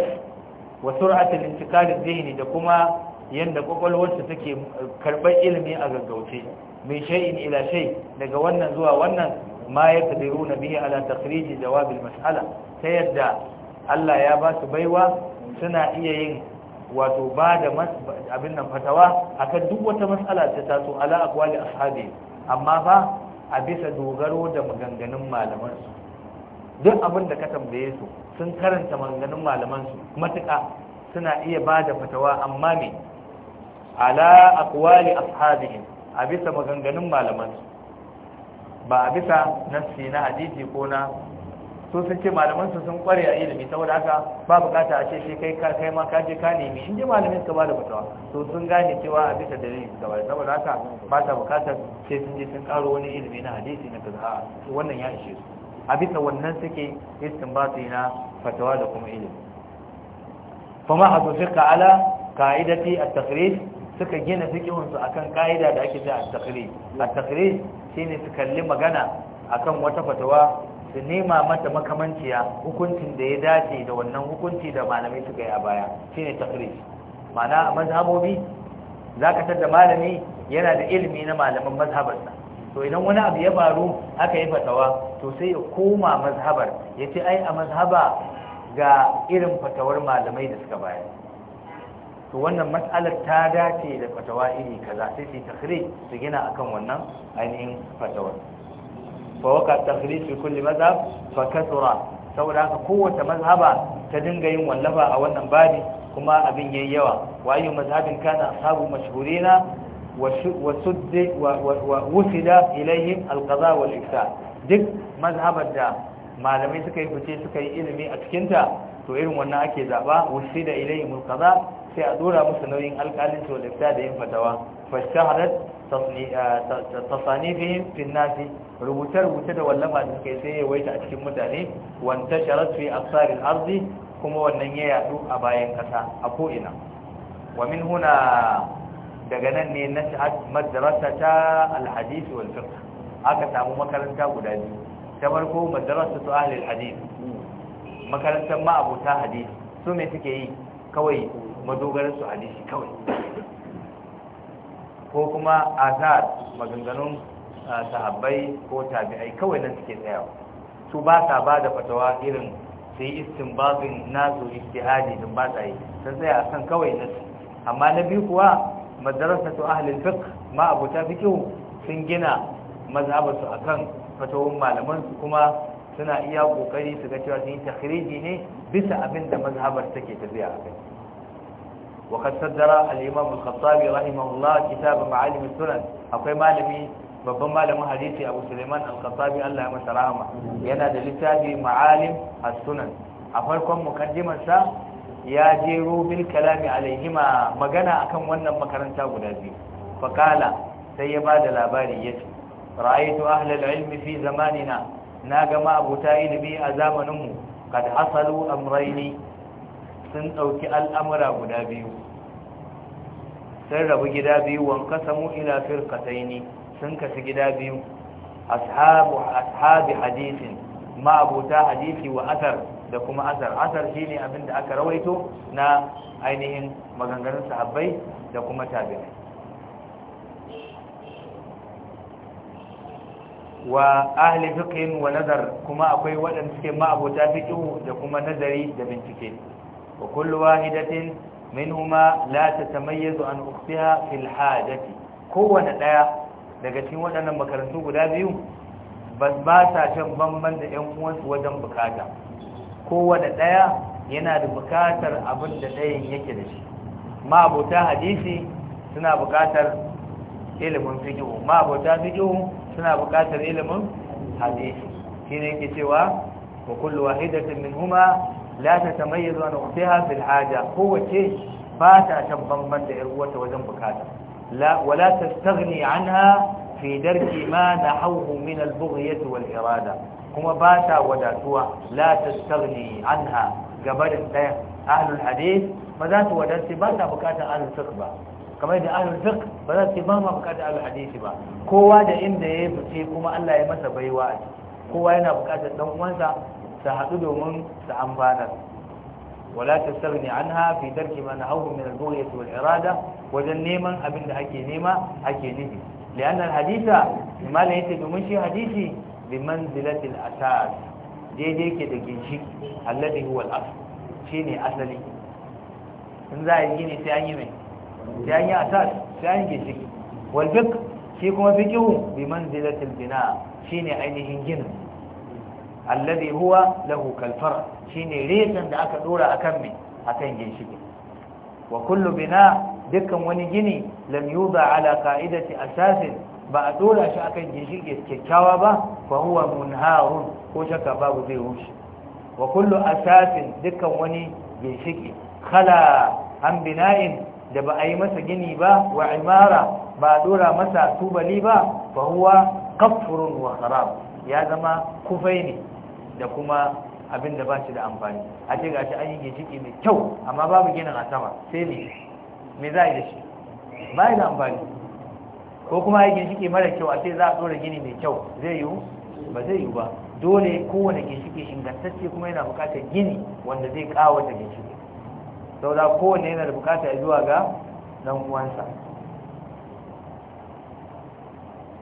wa sur'at intiqal adh-dhihni da kuma yanda kwakwalwarsa take karbar ilimi a gaggauce mai shay'in ila shay daga wannan zuwa wannan ma ya tadiru na bihi ala takhriji jawab al-mas'ala ta yadda Allah ya ba su baiwa suna iya yin wato ba da abin nan fatawa akan duk wata mas'ala ta taso ala aqwali ashabi amma fa a bisa dogaro da maganganun malamansu duk abin da ka tambaye su sun karanta maganganun malamansu matuƙa suna iya ba da fatawa amma me ala aqwali ashabihim a bisa maganganun malamansu ba a bisa nassi na hadisi ko na so sun ce malaman su sun kware a ilimi saboda haka ba bukata a ce shi kai ka kai ma ka je ka nemi in malamin ka bada fatawa to sun gane cewa a bisa dalili suka bada saboda haka ba ta bukata sai sun je sun karo wani ilimi na hadisi na kaza wannan ya ishe su a bisa wannan suke yi na fatawa da kuma ilimi a hasu fiqa ala qa'idati at-takhrij suka gina fikihun su akan ka'ida da ake cewa at-takhrij at-takhrij shine su kalli magana akan wata fatawa da nema mata makamanciya hukuncin da ya dace da wannan hukunci da malamai suka yi a baya shine takrij ma'ana a mazhabobi za ka da malami yana da ilimi na malaman mazhabarsa to idan wani abu ya faru aka yi fatawa to sai ya koma mazhabar ya ce ai a mazhaba ga irin fatawar malamai da suka bayar to wannan matsalar ta dace da fatawa iri kaza sai su takrij su gina akan wannan ainihin fatawar fa waka takhrij fi kulli madhhab fa kasura saboda haka kowace mazhaba ta dinga yin wallafa a wannan bari, kuma abin yayi yawa wa ayyu mazhabin kana ashabu mashhurina وسد ووسد إليهم القضاء والإفتاء duk mazhabar da malamai suka yi fice suka yi ilimi a cikinta to irin wannan ake zaba wusi da ilayhim alqada sai a dora musu nauyin alƙalin to da yin fatawa fashaharat tasanifihim fi nasi rubuce-rubuce da wallafa da suke sai ya waita a cikin mutane wanta sharat a tsarin arzi kuma wannan ya yadu a bayan kasa a ko'ina wa min huna daga nan ne na madrasa ta alhadisi wal fiqh aka samu makaranta guda biyu ta farko madrasa tu ahli hadisi. makarantar ma hadisi su me suke yi kawai madogaran su hadisi kawai ko kuma azar maganganun sahabbai ko tabi'ai kawai nan suke tsayawa su ba sa ba da fatawa irin su yi istinbabin nasu istihadi din ba sa yi sun tsaya a kan kawai nasu amma na biyu kuwa madarasa su ahalin fiqh ma abuta kyau sun gina mazhabarsu akan fatawun malaman su kuma suna iya kokari su ga cewa sun yi takhriji ne bisa abin da mazhabar take tafiya a kai وقد صدر الإمام الخطابي رحمه الله كتاب معالم السنن akwai malami. babban malamin hadisi abu suleiman al-khattabi Allah ya masa rahama yana da littafi ma'alim a sunan a farkon mukaddimar sa ya jero bil kalami alaihima magana akan wannan makaranta guda biyu Fakala, sai ya ba da labari yace ra'aytu ahlal ilmi fi zamanina na gama abuta ilimi a zamaninmu kad hasalu amraini sun ɗauki al'amura guda biyu sun rabu gida biyu wanka samu ila ne. sun kasu gida biyu ashabi hadisin ma'abuta hadisi wa asar da kuma asar asar shine abin da aka rawaito na ainihin maganganun sahabbai da kuma tabi'ai wa ahli fiqhin wa nazar kuma akwai waɗanda suke ma'abuta fiqhu da kuma nazari da bincike wa kullu wahidatin minhuma la tatamayyazu an ukhtiha fil hajati kowanne daya daga cikin waɗannan makarantu guda biyu ba ba sa can bamban da ƴan uwansu wajen bukata kowane ɗaya yana da bukatar abin da ɗayan yake da shi ma abota hadisi suna bukatar ilimin fiqh ma abota fiqh suna bukatar ilimin hadisi shine yake cewa wa kullu wahidatin huma la tatamayyazu an ukhtaha fil haja kowace ba ta can da ƴan uwarta wajen bukata لا ولا تستغني عنها في درك ما نحوه من البغية والإرادة كما باتا وداتوا لا تستغني عنها قبل أهل الحديث فذات ودات باتا بكاتا أهل الفقه با كما إذا أهل الفقه فذات ما بكاتا أهل الحديث با كوا دا إن دا يبتي كما ألا يمسى بيوات كوا ينا بكاتا دون وانسا سهدو من سأنفانا ولا تستغني عنها في ترك ما نهوه من البغية والإرادة وجن نيما أبن أكي نيما أكي نبي لأن الحديث ما لا يتدمشي حديثي بمنزلة الأساس دي دي كده جنشي الذي هو الأصل شيني أصلي إن ذا يجيني سياني من سياني أساس سياني جنشي والفقه shi kuma fikihu bi manzilatil bina shine ainihin ginin alladhi huwa lahu kalfar shine resan da aka dora akan me akan ginshiki wa kullu bina dukkan wani gini lam yuba ala qa'idati asasin ba a dora shi akan ginshiki kyakkyawa ba fa huwa munharun ko shaka babu zai rushe wa kullu asasin dukkan wani ginshiki khala an bina'in da ba a yi masa gini ba wa imara ba a dora masa tubali ba fa huwa kafurun wa ya zama kufai ne da kuma abin da ba shi da amfani a ce shi an yi ginshiki mai kyau amma babu ginin a sama sai ne me za a yi da shi ba yi da amfani ko kuma yi ginshiki mara kyau a ce za a tsora gini mai kyau zai yiwu ba zai yiwu ba dole kowane ginshiki ingantacce kuma yana bukatar gini wanda zai kawata ginshiki sau da kowane yana da bukata zuwa ga dan uwansa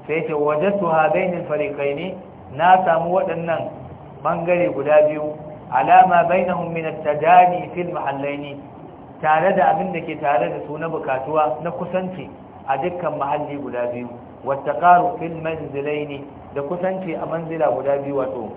sai ce wajen tuha bainin farikai ne na samu waɗannan bangare guda biyu alama bainahum min at-tadani fil mahallaini tare da abin da ke tare da su na bukatuwa na kusanci a dukkan mahalli guda biyu wattaqaru fil manzilaini da kusanci a manzila guda biyu wato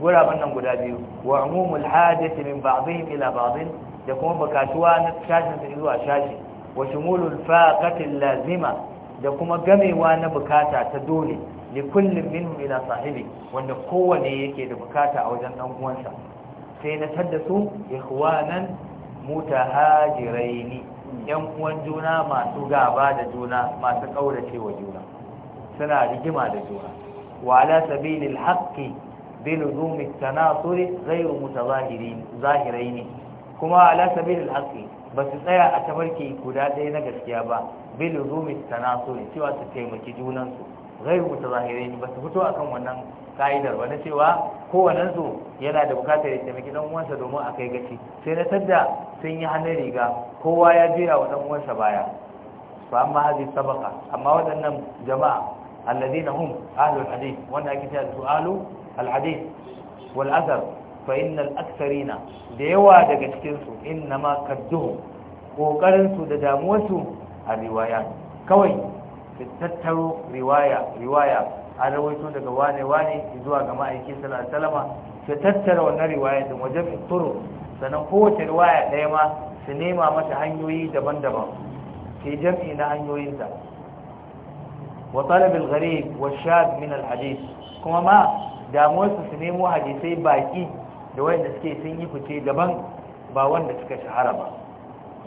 guraben wannan guda biyu wa umumul hadith min ba'dihim ila ba'din da kuma bukatuwa na shashin su zuwa shashi wa shumulul faqati lazima da kuma gamewa na bukata ta dole li kullum minhum ila sahibi wanda kowane yake da bukata a wajen dan uwansa sai na tadda su ikhwanan mutahajiraini yan uwan juna masu gaba da juna masu kaurace wa juna suna rigima da juna wa ala sabilil haqqi bil zumi tanasuri ghayr mutazahirin zahiraini kuma ala sabilil haqqi ba su tsaya a tabarki guda ɗaya na gaskiya ba bil zumi tanasuri cewa su taimaki junansu Zai rubuta ba su fito akan wannan ka'idar ba na cewa kowannen yana da bukatar ya taimaki dan uwansa domin a kai gaci sai na tadda sun yi hannun riga kowa ya juya wa dan uwansa baya an ma hadi sabaka amma waɗannan jama'a na hum al hadith wanda ake cewa su ahlu al hadith wal athar fa innal aktharina da yawa daga cikin su innama Kadduhu, kokarin su da damuwar su a riwaya kawai tattaro riwaya riwaya an rawaito daga wane wane zuwa ga ma'aikin sallallahu alaihi wasallam su tattara wannan riwaya da wajen turu sannan kowace riwaya ɗaya ma su nema mata hanyoyi daban-daban ke jam'i na ta wa talabil gharib wa shad min al hadith kuma ma damuwar su su nemo hadisai baki da wanda suke sun yi fice daban ba wanda suka shahara ba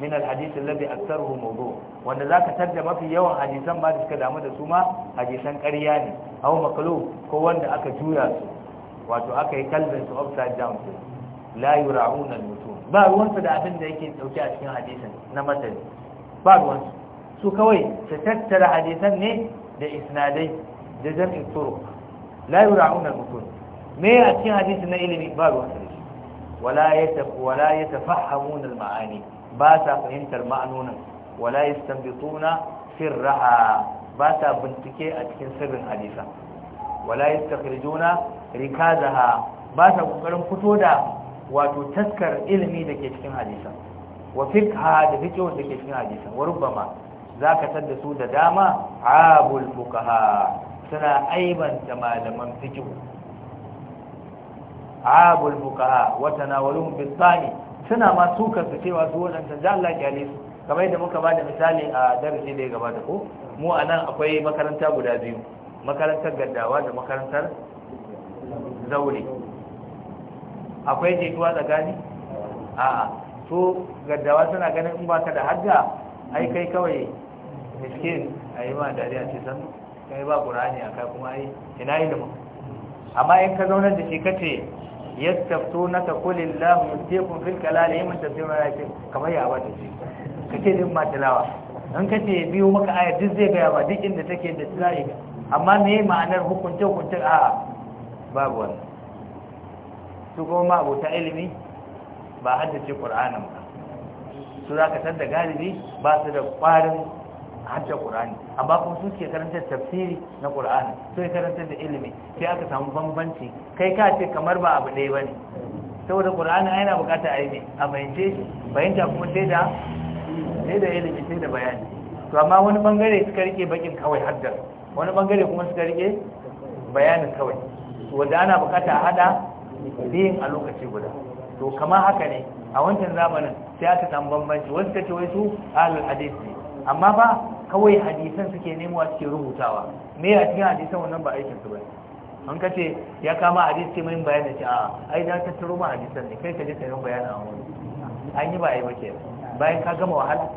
min alhadith alladhi aktharuhu mawdu wanda zaka tarda mafi yawan hadisan ba da suka damu da su ma hadisan ƙarya ne aw maqlu ko wanda aka juya su wato aka yi kalbin su upside down su la mutum ba ruwansu da abin da yake dauke a cikin hadisin na matan ba ruwansu su kawai su tattara hadisan ne da isnadai da jam'in turuq la yura'una al-mutum me a cikin na ilimi ba da shi wala maani ba sa fahimtar ma'anonin wala yastanbituna sirraha ba sa bincike a cikin sirrin hadisa wala yastakhrijuna rikazaha ba sa kokarin fito da wato taskar ilimi da ke cikin hadisa wa fiqha da fiqh da ke cikin hadisa wa za ka tada su da dama abul fuqaha suna aibanta malaman fiqh abul wata na wurin bisani suna ma tukar su cewa su wadanda da Allah kyale su kamar yadda muka ba da misali a darasi da ya gabata ko mu a nan akwai makaranta guda biyu makarantar gaddawa da makarantar zaure akwai jituwa tsakani a'a to gaddawa suna ganin in baka da hajja ai kai kawai miskin a yi ma dariya ce san kai ba kurani a kai kuma ai ina mu amma in ka zaunar da shi kace yastaftunaka qul illahu yuftikum fil kalal yayin tafsir ya ce kamar ya bata shi ce din ma tilawa in kace biyo maka aya duk zai ga ba duk inda take da tilai amma me ma'anar hukunce hukunce a babu wannan su goma abota ilimi ba haddace qur'anin ba su zaka tada galibi ba su da kwarin hadda qur'ani amma kuma su ke karantar tafsiri na qur'ani su ke karantar da ilimi sai aka samu bambanci kai ka ce kamar ba abu ɗaya bane saboda qur'ani yana buƙatar aini a fahimce shi fahimta kuma sai da sai da ilimi sai da bayani to amma wani bangare suka rike bakin kawai haddar wani bangare kuma suka rike bayanin kawai wanda ana bukata a hada biyun a lokaci guda to kama haka ne a wancan zamanin sai aka samu bambanci wasu ce wai su ahlul hadith ne amma ba kawai hadisan suke nemo suke rubutawa me ya cikin hadisan wannan ba aikin su ba an kace ce ya kama hadisi ke mun bayan da ce a ai na tattaro ma hadisan ne kai ka je sayan bayani a wani an yi ba ai ba ke bayan ka gama wahala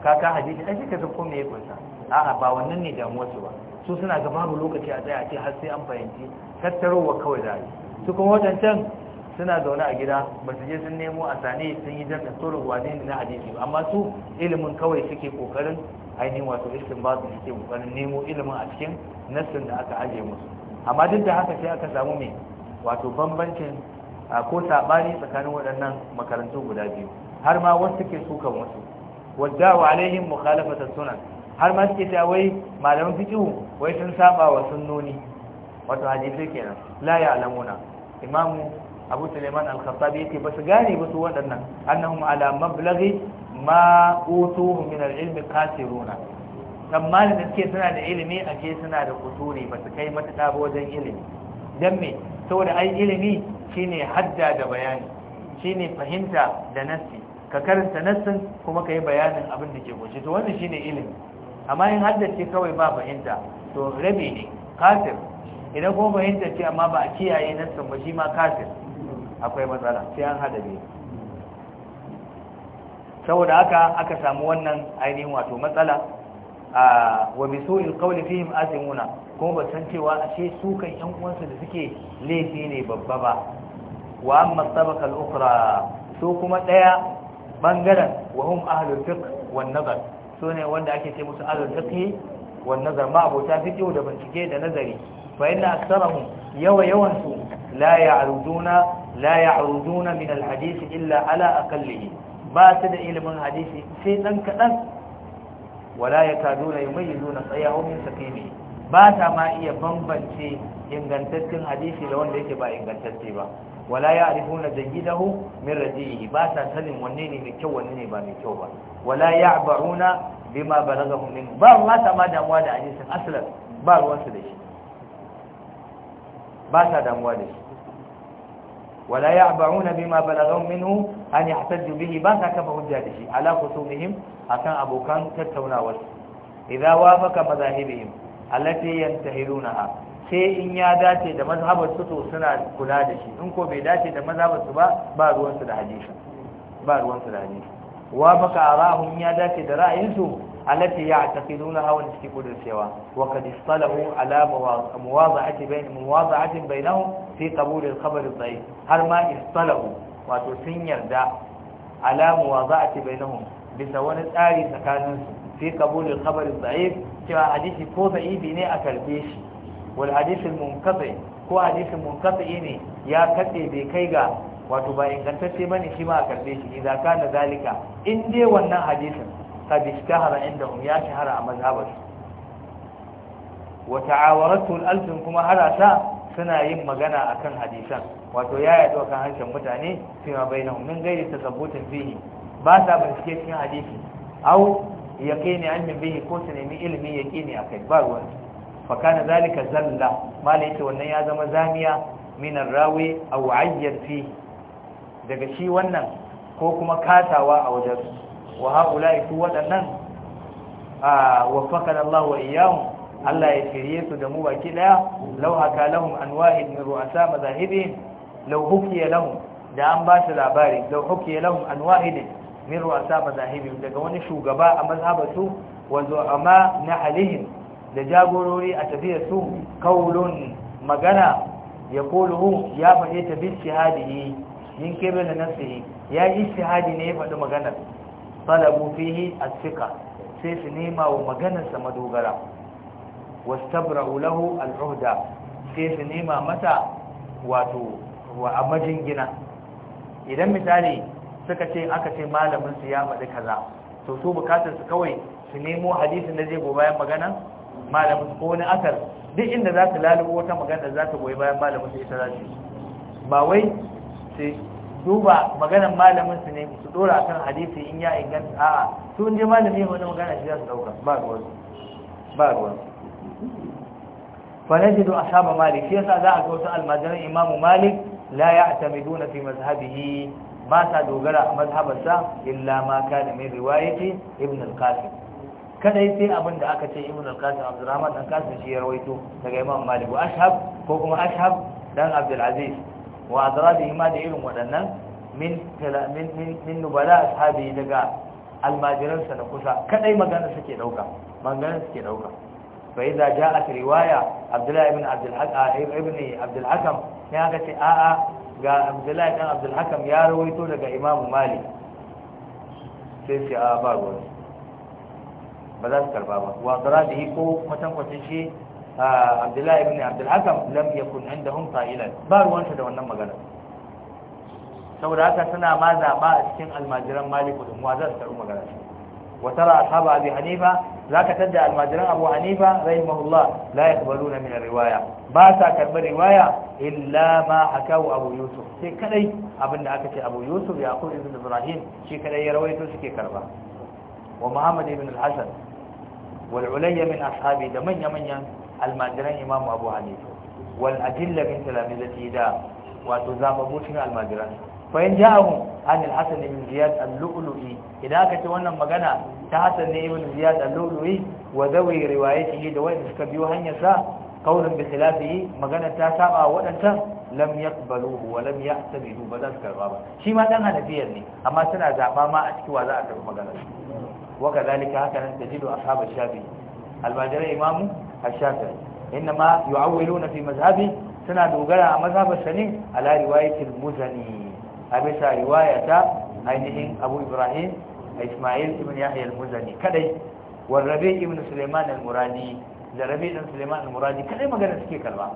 ka ka hadisi ai sai ka zo ko me ya kunsa a'a ba wannan ne damuwar su ba su suna ga babu lokaci a tsaya a ce har sai an fahimci tattarowa kawai da su kuma wadancan suna zaune a gida ba su je sun nemo a sane sun yi jami'a tsoron wane ne na hadisi ba amma su ilimin kawai suke kokarin ainihin wato iskin ba su suke kokarin nemo ilimin a cikin nassin da aka ajiye musu amma duk da haka sai aka samu mai wato bambancin ko saɓani tsakanin waɗannan makarantu guda biyu har ma wasu suke sukan wasu wadda wa alaihim mukhalafata sunan har ma suke ta wai malaman fiqhu wai sun saba wa sunnoni wato hadisi kenan la ya'lamuna imamu abu suleiman al-khattabi yake ba su gane ba su waɗannan annahum ala mablaghi ma utuhu min al-ilmi qasiruna malin da suke suna da ilimi a ke suna da kuturi ba su kai matuƙa ba wajen ilimi dan me saboda ai ilimi shine hadda da bayani shine fahimta da nassi ka karanta nassin kuma ka yi bayanin abin da ke kunshi to wannan shine ilimi amma in hadda ce kawai ba fahimta to rabi ne kafir idan kuma fahimta ce amma ba a kiyaye nassin ba shi ma kafir akwai matsala sai an hada biyu saboda haka aka samu wannan ainihin wato matsala a wa bi su'il qawli fihim azimuna kuma ba san cewa ashe su kan yan uwansu da suke laifi ne babba ba wa amma sabaka al-ukhra su kuma daya bangaren wa hum ahlul fiqh wan nazar su ne wanda ake ce musu ahlul fiqh wan nazar ma abota fiqh da bincike da nazari fa inna aktharahum yawa yawan su la ya'ruduna la ya'ruduna min al-hadith illa ala aqallihi ba su da ilimin hadisi sai dan kadan wala ya yakaduna yumayyizuna sayahu min sakimi ba ta ma iya bambance ingantaccen hadisi da wanda yake ba ingantacce ba wala ya ya'rifuna jayyidahu min radihi ba ta sanin wanne ne mai kyau wanne ne ba mai kyau ba wala ya'baruna bima balagahum min ba ma ta ma damuwa da hadisin aslan ba ruwansu da shi ba ta damuwa da shi wala ya'ba'una bima balaghaw minhu an yahtaju bihi ba ta kafa hujja da shi ala khusumihim akan abokan tattaunawar idza wafaqa madahibihim allati yantahilunaha sai in ya dace da mazhabar su to suna kula da shi in ko bai dace da mazhabar ba ba ruwansu da hadisi ba ruwan da hadisi arahum ya dace da ra'ayinsu? التي يعتقدونها ونستقدر سوا وقد اصطلحوا على مواضعة بين مواضعة بينهم في قبول الخبر الضعيف هل ما اصطلحوا وتسن يردا على مواضعة بينهم بسوان الآلي سكانس في قبول الخبر الضعيف كما حديث كو ضعيف ني أكربيش والحديث المنقطع كو حديث منقطع ني يا كتي بكيغا wato ba ingantacce bane shi ma a karbe shi idan kana zalika in dai wannan hadisin قد اشتهر a يا شهر مذهبه وتعاورته الألسن كما هرسا suna yin magana akan hadisan wato ya yi kan hancin mutane fima bainahum min gairi tasabbutin fihi ba sa bincike cikin hadisi au yaqini annin bihi ko su nemi ilimi yaqini a ba ruwan fa kana zalika zalla malai ce wannan ya zama zamiya min rawi aw ayyad fihi daga shi wannan ko kuma katawa a wajen wa haula'i su waɗannan a waffaqana Allah wa iyyahum Allah ya shirye su da mu baki daya law haka lahum an wahid min ru'asa mazahibihim law hukiya lahum da an ba su labari law hukiya lahum an wahid min ru'asa mazahibihim daga wani shugaba a mazhabatu wa zu'ama nahlihim da jagorori a tafiyar su kaulun magana ya kuluhu ya faɗe ta bi shahadihi min kibir nafsihi ya yi shahadi ne ya faɗi maganar talabu fihi as-siqa sai su nema wa maganarsa madogara wastabra'u lahu al-uhda sai su nema mata wato wa a majingina idan misali suka ce aka ce malamin su ya faɗi kaza to su bukatar su kawai su nemo hadisin da zai goyi bayan magana malamin ko wani akar duk inda za su lalubo wata magana za ta goyi bayan malamin su ita za su ba wai sai duba maganar malamin su ne su dora kan hadisi in ya inganta a'a su je malami ya wani magana shi za su dauka ba ruwan ba ruwan fanajidu ashab malik shi yasa za a ga wasu almajiran imamu malik la ya'tamiduna fi mazhabihi ba sa dogara a mazhabarsa illa ma kana min riwayati ibn al-qasim kadai sai abin da aka ce ibn al-qasim abdurrahman dan qasim shi ya rawaito daga imam malik wa ashab ko kuma ashab dan abdul aziz wa azrabihi ma da irin waɗannan min min min min nubala ashabi daga almajiransa na kusa kadai magana suke dauka magana suke dauka fa idza ja'at riwaya abdullah ibn abdul hakim ibn abdul hakim ne aka ce a a ga abdullah ibn abdul hakim ya rawaito daga imam malik sai sai a ba ruwa ba za su karba ba wa qira'atihi ko matankwacin shi abdullahi ibn abdul hakam lam yakun indahum fa'ilan ba ruwanta da wannan magana saboda haka suna ma zaba a cikin almajiran malik da muwazzar ta ruwa magana wa tara ashab abi hanifa zaka tada almajiran abu hanifa rahimahullah la yaqbaluna min riwaya ba sa karbar riwaya illa ma hakawu abu yusuf sai kadai abinda aka ce abu yusuf ya aqul ibn ibrahim shi kadai ya rawaito suke karba wa muhammad ibn al-hasan wal ulayya min ashabi da manya manyan almajiran imamu abu hanifa wal adilla min talamizati da wato zababu cikin almajiran fa in ja'ahu an al-hasan ibn ziyad al-lu'lu'i idan aka ce wannan magana ta hasan ne ibn ziyad al-lu'lu'i wa dawi riwayatihi da wanda suka biyo hanyar sa qawlan bi khilafihi magana ta saba wadancan lam yaqbaluhu wa lam ya'tamidu ba za su karba ba shi ma dan hanafiyar ne amma suna zaba ma a cikin wa za a karba magana wa kadhalika haka nan tajidu ashabu shafi almajiran imamu الشافعي إنما يعولون في مذهبه سنة دوغرة مذهب السنين على رواية المزني أبسا رواية أينهم أبو إبراهيم إسماعيل بن يحيى المزني كدي والربيع بن سليمان المرادي ده ربيع بن سليمان المرادي كدي ما قال سكي كلمة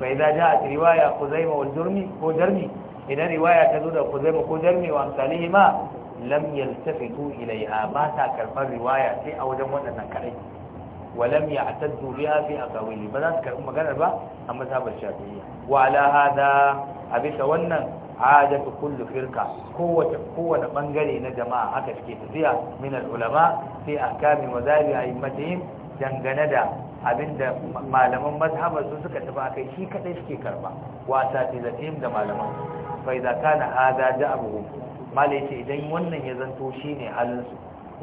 فإذا جاءت رواية خزيمة والجرمي هو جرمي إذا رواية تدود خزيمة وجرمي وأمثالهما lam yaltafitu ilaiha ba ta karɓar riwaya sai a wajen waɗannan kare ولم يعتدوا بها في أقاويل بذلك كأم قربة أما ذهب الشافعية وعلى هذا أبيت ونن عادة كل فرقة قوة قوة منقلي نجماعة أكش كيف من العلماء في أحكام وذاب أئمتهم جنجندا abinda malaman mazhabar su suka tafi kai, shi kadai suke karba wa satizatihim da malaman fa na kana hada a malai ce idan wannan ya zanto shine halin su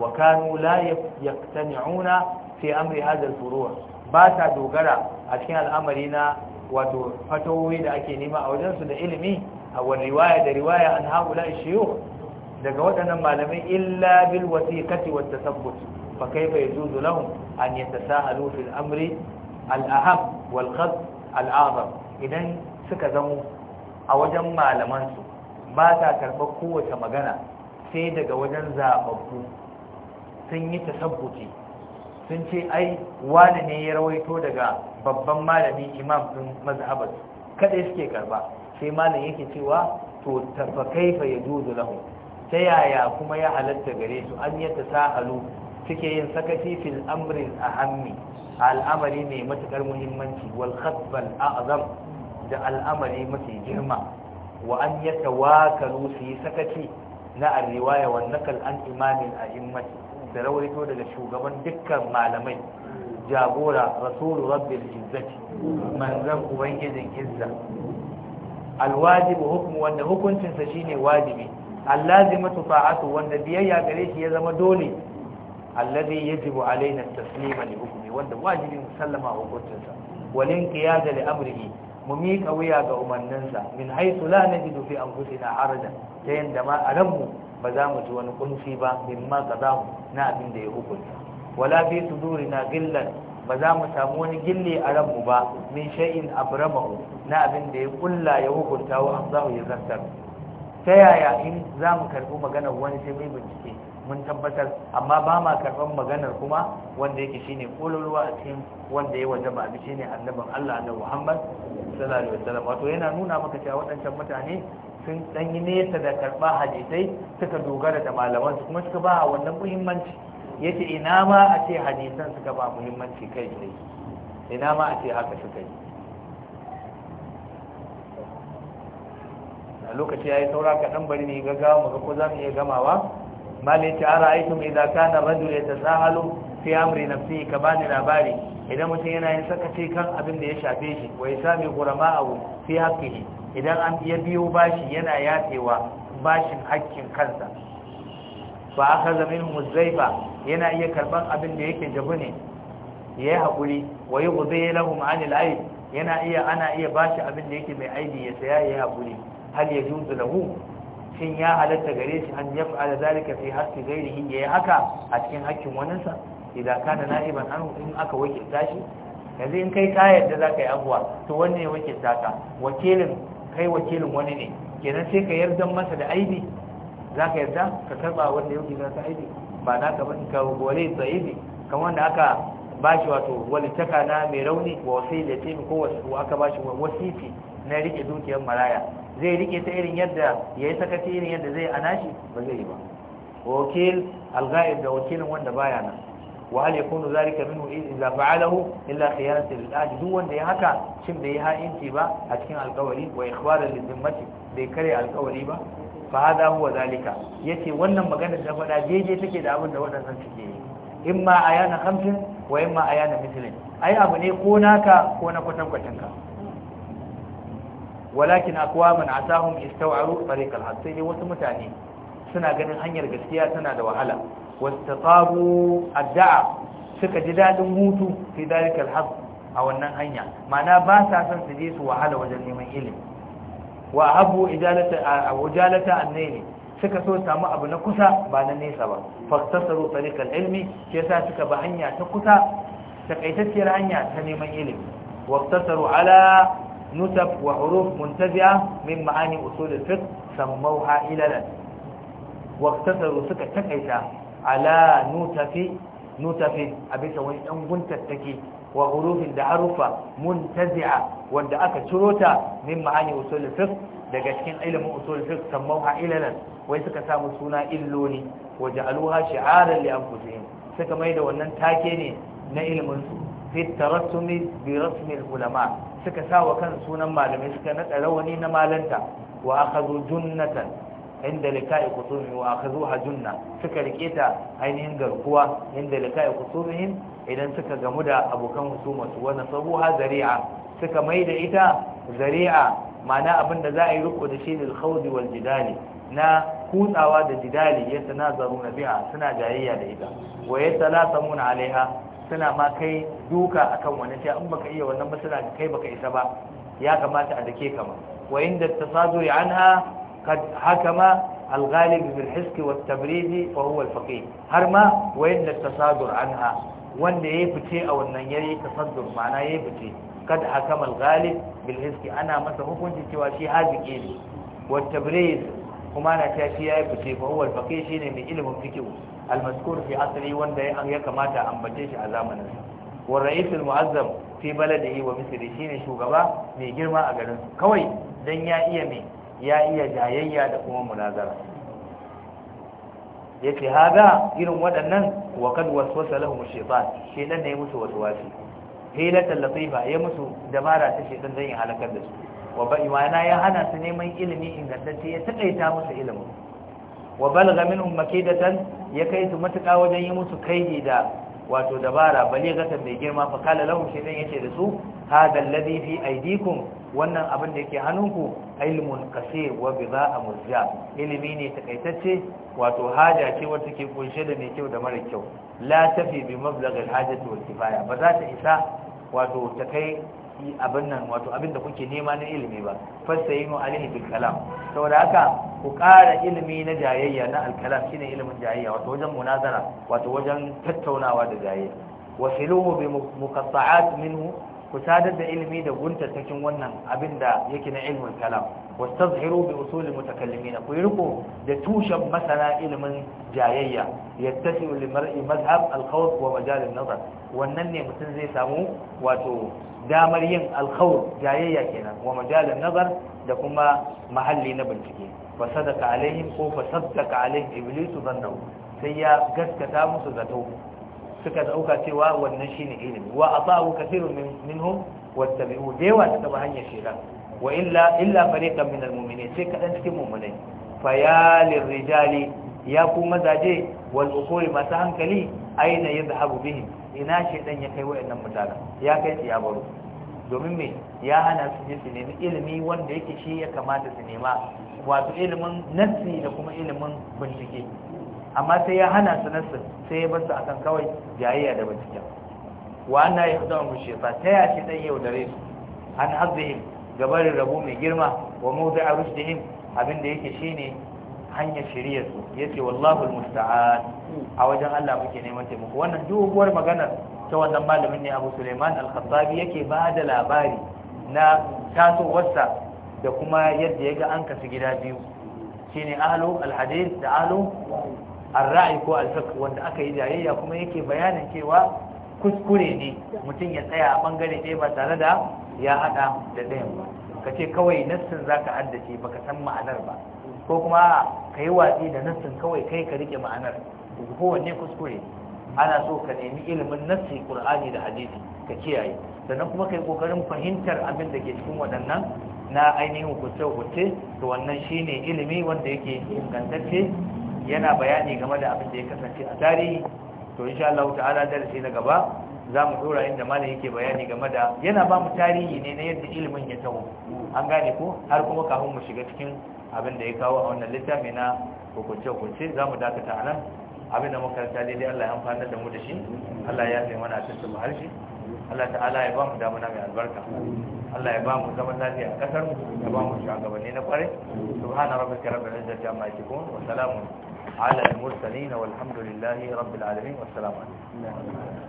wa kanu la yaqtani'una fi amri hadal furuwa ba ta dogara a cikin al'amari na wato fatawoyi da ake nema a wajensu da ilimi a wani riwaya da riwaya an haula shiyu daga waɗannan malamai illa bil wasiqati wat tasabbut fa kayfa yajuzu lahum an yatasahalu fil amri al aham wal khad al azam idan suka zamo a wajen malaman su ba ta karɓar kowace magana sai daga wajen zababbu sun yi tasabbuti sun ce ai wani ne ya rawaito daga babban malami imam din mazhabar kada suke karba sai malam yake cewa to tafa kaifa yajuzu lahu ta yaya kuma ya halatta gare su an yata sahalu suke yin sakaci fil amri ahammi al'amari mai matukar muhimmanci wal khatbal a'zam da al'amari mafi girma wa an yatawakalu su yi sakaci na arriwaya wan nakal an imamin a'immati su rawaito daga shugaban dukkan malamai jagora rasulu rabbil izzati manzan ubangijin izza alwajibu hukmu wanda hukuncinsa shine wajibi allazimatu ta'atu wanda biyayya gare shi ya zama dole alladhi yajibu alaina taslima li hukmi wanda wajibi musallama hukuncinsa walin qiyada li amrihi mu miƙa wuya ga umarninsa min haisu la jidu fi na harajan ta yadda ma a ranmu ba za mu ji wani kunci ba min ma mu na abin da ya hukunta wala fi na gillan ba za mu samu wani gilli a ranmu ba min a abramahu na abin da ya kulla ya hukunta wa amzahu ya zartar ta yaya in za mu karɓi maganar wani sai mai bincike mun tabbatar amma ba ma karban maganar kuma wanda yake shine kololuwa a cikin wanda ya wajaba abi shine annabin Allah annabi Muhammad sallallahu alaihi wasallam wato yana nuna maka cewa waɗancan mutane sun dan yi nesa da karba hadisai suka dogara da malaman su kuma suka ba wannan muhimmanci yace ina ma a ce hadisan suka ba muhimmanci kai sai ina ma a ce haka suka yi a lokaci ya yi saura kaɗan bari ne gaggawa mu ga ko za mu iya gamawa malai ce ara aikin mai zaka na rajul ya sahalo fi amri fi ka bani labari idan mutum yana yin ce kan abin da ya shafe shi wa ya sami gurama abu fi haƙƙi shi idan an ya biyo bashi yana yafewa bashin haƙƙin kansa fa aka zamin muzaifa yana iya karɓar abin da yake jabu ne ya yi haƙuri wa yi guzai lahu anil aib yana iya ana iya bashi abin da yake mai aibi ya saya ya yi haƙuri hal ya juzu lahu shin ya halatta gare shi an yaf'ala zalika fi haqqi ya yi haka a cikin haƙƙin sa? idan kana na'iban an in aka wakilta tashi? yanzu in kai ka da zaka yi abuwa to wanne ya wakilta ka wakilin kai wakilin wani ne kenan sai ka yarda masa da aibi zaka yarda ka karba wanda yake da ka aibi ba na ka ba ka gore tsaibi kamar wanda aka bashi wato wani na mai rauni wa wasiyati ko wasu aka bashi wasifi na rike dukiyar maraya zai rike ta irin yadda ya yi sakaci irin yadda zai ana shi ba zai yi ba wakil alga'ib da wakilin wanda baya nan wa hal yakunu zalika minhu zafi fa'alahu illa khiyanatan lil ahd duk wanda ya haka shin ya ha'inci ba a cikin alkawari wa ikhbaran lil zimmati bai kare alkawari ba fa hada huwa zalika yace wannan maganar da faɗa jeje take da abin da waɗannan suke yi imma ayana khamsin wa imma ayana mithlin ai abu ne ko naka ko na kwatankwatanka. walakin aqwaman asahum istaw'aru tariq al-haq sai wasu mutane suna ganin hanyar gaskiya tana da wahala wastatabu adda'a suka ji dadin hutu fi dalika al-haq a wannan hanya mana ba sa son su je su wahala wajen neman ilimi wa habu ijalata wajalata annaini suka so samu abu na kusa ba na nesa ba faktasaru tariqal ilmi ke suka ba hanya ta kusa takaitacciyar hanya ta neman ilimi waqtasaru ala نسب وحروف منتزعة من معاني أصول الفقه سموها إللا واقتصروا سكة تكيسة على نتف نتف أبيسا وإن منتتكي وحروف دعرف منتزعة وإن دعك شروطة من معاني أصول الفقه daga cikin ilimin usul fiqh sammauha ilalan wai suka samu suna illoli waja'aluha shi'aran li anfusihim suka mai da wannan take ne na ilimin su ulama suka sa wa kan sunan malamai suka naɗa rawani na malanta wa akhadhu junnatan inda lika'i kusumi wa ha junna suka rike ta ainihin garkuwa inda lika'i kusumihim idan suka gamu da abokan husumarsu wa ha zari'a suka mai da ita zari'a ma'ana abin da za a yi riko da shi lil khawdi wal jidali na kutsawa da jidali ya tanazaruna biha suna jayayya da ita wa samuna alaiha suna ma kai duka akan wani sai an baka iya wannan ba suna kai baka isa ba ya kamata a dake kama wa inda tasaduri anha kad hakama al-ghalib bil hiski wa tabridi wa huwa al-faqih har ma wa inda tasadur anha wanda yayi fice a wannan yayi tasaddur ma'ana yayi fice kad hakama al-ghalib bil hiski ana masa hukunci cewa shi haziki ne wa tabridi kuma na ta shi yayi fice fa huwa faqih shine mai ilimin fiqh al-mazkur fi asli wanda ya kamata a bace shi a zamanin wa ra'is al-mu'azzam fi baladihi wa misri shine shugaba mai girma a garin kawai dan ya iya mai ya iya jayayya da kuma munazara yace haga irin waɗannan wa kad waswasa lahum shaytan shedan ne musu waswasi hilatan latifa ya musu dabara ta zan zai halakar da su wa Imana ya hana su neman ilimi ingantacce ya takaita musu ilimin wa balga minhum makidatan ya kai su matuƙa wajen yi musu kaidi da wato dabara bale gatan mai girma fa kala lahu shaytan yace da su hada alladhi fi aydikum wannan abin da yake hannunku ilmun kasir wa bidha'a murja ilimi ne takaitacce wato haja ce wacce ke kunshe da mai kyau da mara kyau la tafi bi mablagh alhajati wal kifaya ba za ta isa wato ta kai abin nan wato abin da kuke nema na ilimi ba fasayinu alaihi bil kalam saboda haka ku ƙara ilimi na jayayya na alkalam shine ilimin jayayya wato wajen munazara wato wajen tattaunawa da jayayya wasiluhu bi muqatta'at minhu ku sadar da ilimi da guntattakin wannan abin da yake na ilmin kalam wastazhiru bi usul mutakallimin ku riko da tushen masana ilimin jayayya yattasi lil mar'i mazhab al khawf wa majal nazar wannan ne mutum zai samu wato damar yin al jayayya kenan wa majal nazar da kuma mahalli na bincike fa sadaka alaihim ko fa sadaka alaihim iblisu zannahu sai ya gaskata musu zato suka dauka cewa wannan shine ilimi wa ata'u kathirun minhum wattabi'u dewa suka ba hanyar shira wa illa illa fariqan minal mu'minin sai kadan cikin mu'minai fa rijali ya ku mazaje wal uquli masu hankali aina yadhhabu bihim ina shedan ya kai wayannan mutanen ya kai su ya baro domin me ya hana su je su nemi ilimi wanda yake shi ya kamata su nema wato ilimin nassi da kuma ilimin bincike amma sai ya hana su nasu sai ya basu akan kawai jayayya da bincike wa anna yahda'u shaytan ta ya shi dan yaudare su an hazihi gabarin rabo mai girma wa mawdi'a rushdihim abinda yake shine hanyar shirya su yace wallahu almusta'an a wajen Allah muke neman taimako wannan doguwar maganar ta wannan malamin ne Abu sulaiman al-Khattabi yake ba da labari na tasowarsa da kuma yadda ya ga an kasu gida biyu shine ahlu alhadith da ahlu arra'i ko al wanda aka yi jayayya kuma yake bayanin cewa kuskure ne mutum ya tsaya a bangare ɗaya ba tare da ya hada da ɗayan ba ka ce kawai nassin zaka haddace ka san ma'anar ba ko kuma ka yi watsi da nassin kawai kai ka rike ma'anar kowanne kuskure ana so ka nemi ilimin nassi qur'ani da hadisi ka kiyaye sannan kuma kai kokarin fahimtar abin da ke cikin waɗannan na ainihin hukunce-hukunce to wannan shine ilimi wanda yake ingantacce yana bayani game da abin da ya kasance a tarihi to insha Allah ta'ala darasi na gaba za mu dora inda malam yake bayani game da yana ba mu tarihi ne na yadda ilimin ya taho an gane ko har kuma kafin mu shiga cikin abin da ya kawo a wannan littafi na hukunce-hukunce za mu dakata a nan abin da muka makaranta daidai Allah ya amfana da mu da shi Allah ya fi mana a cikin harshe Allah ta'ala ya ba mu damuna mai albarka Allah ya ba mu zaman lafiya a kasar mu ya ba mu shugabanni na kwarai subhana rabbika rabbil izzati amma yasifun wa salamun ala al mursalin walhamdulillahi rabbil alamin wassalamu alaikum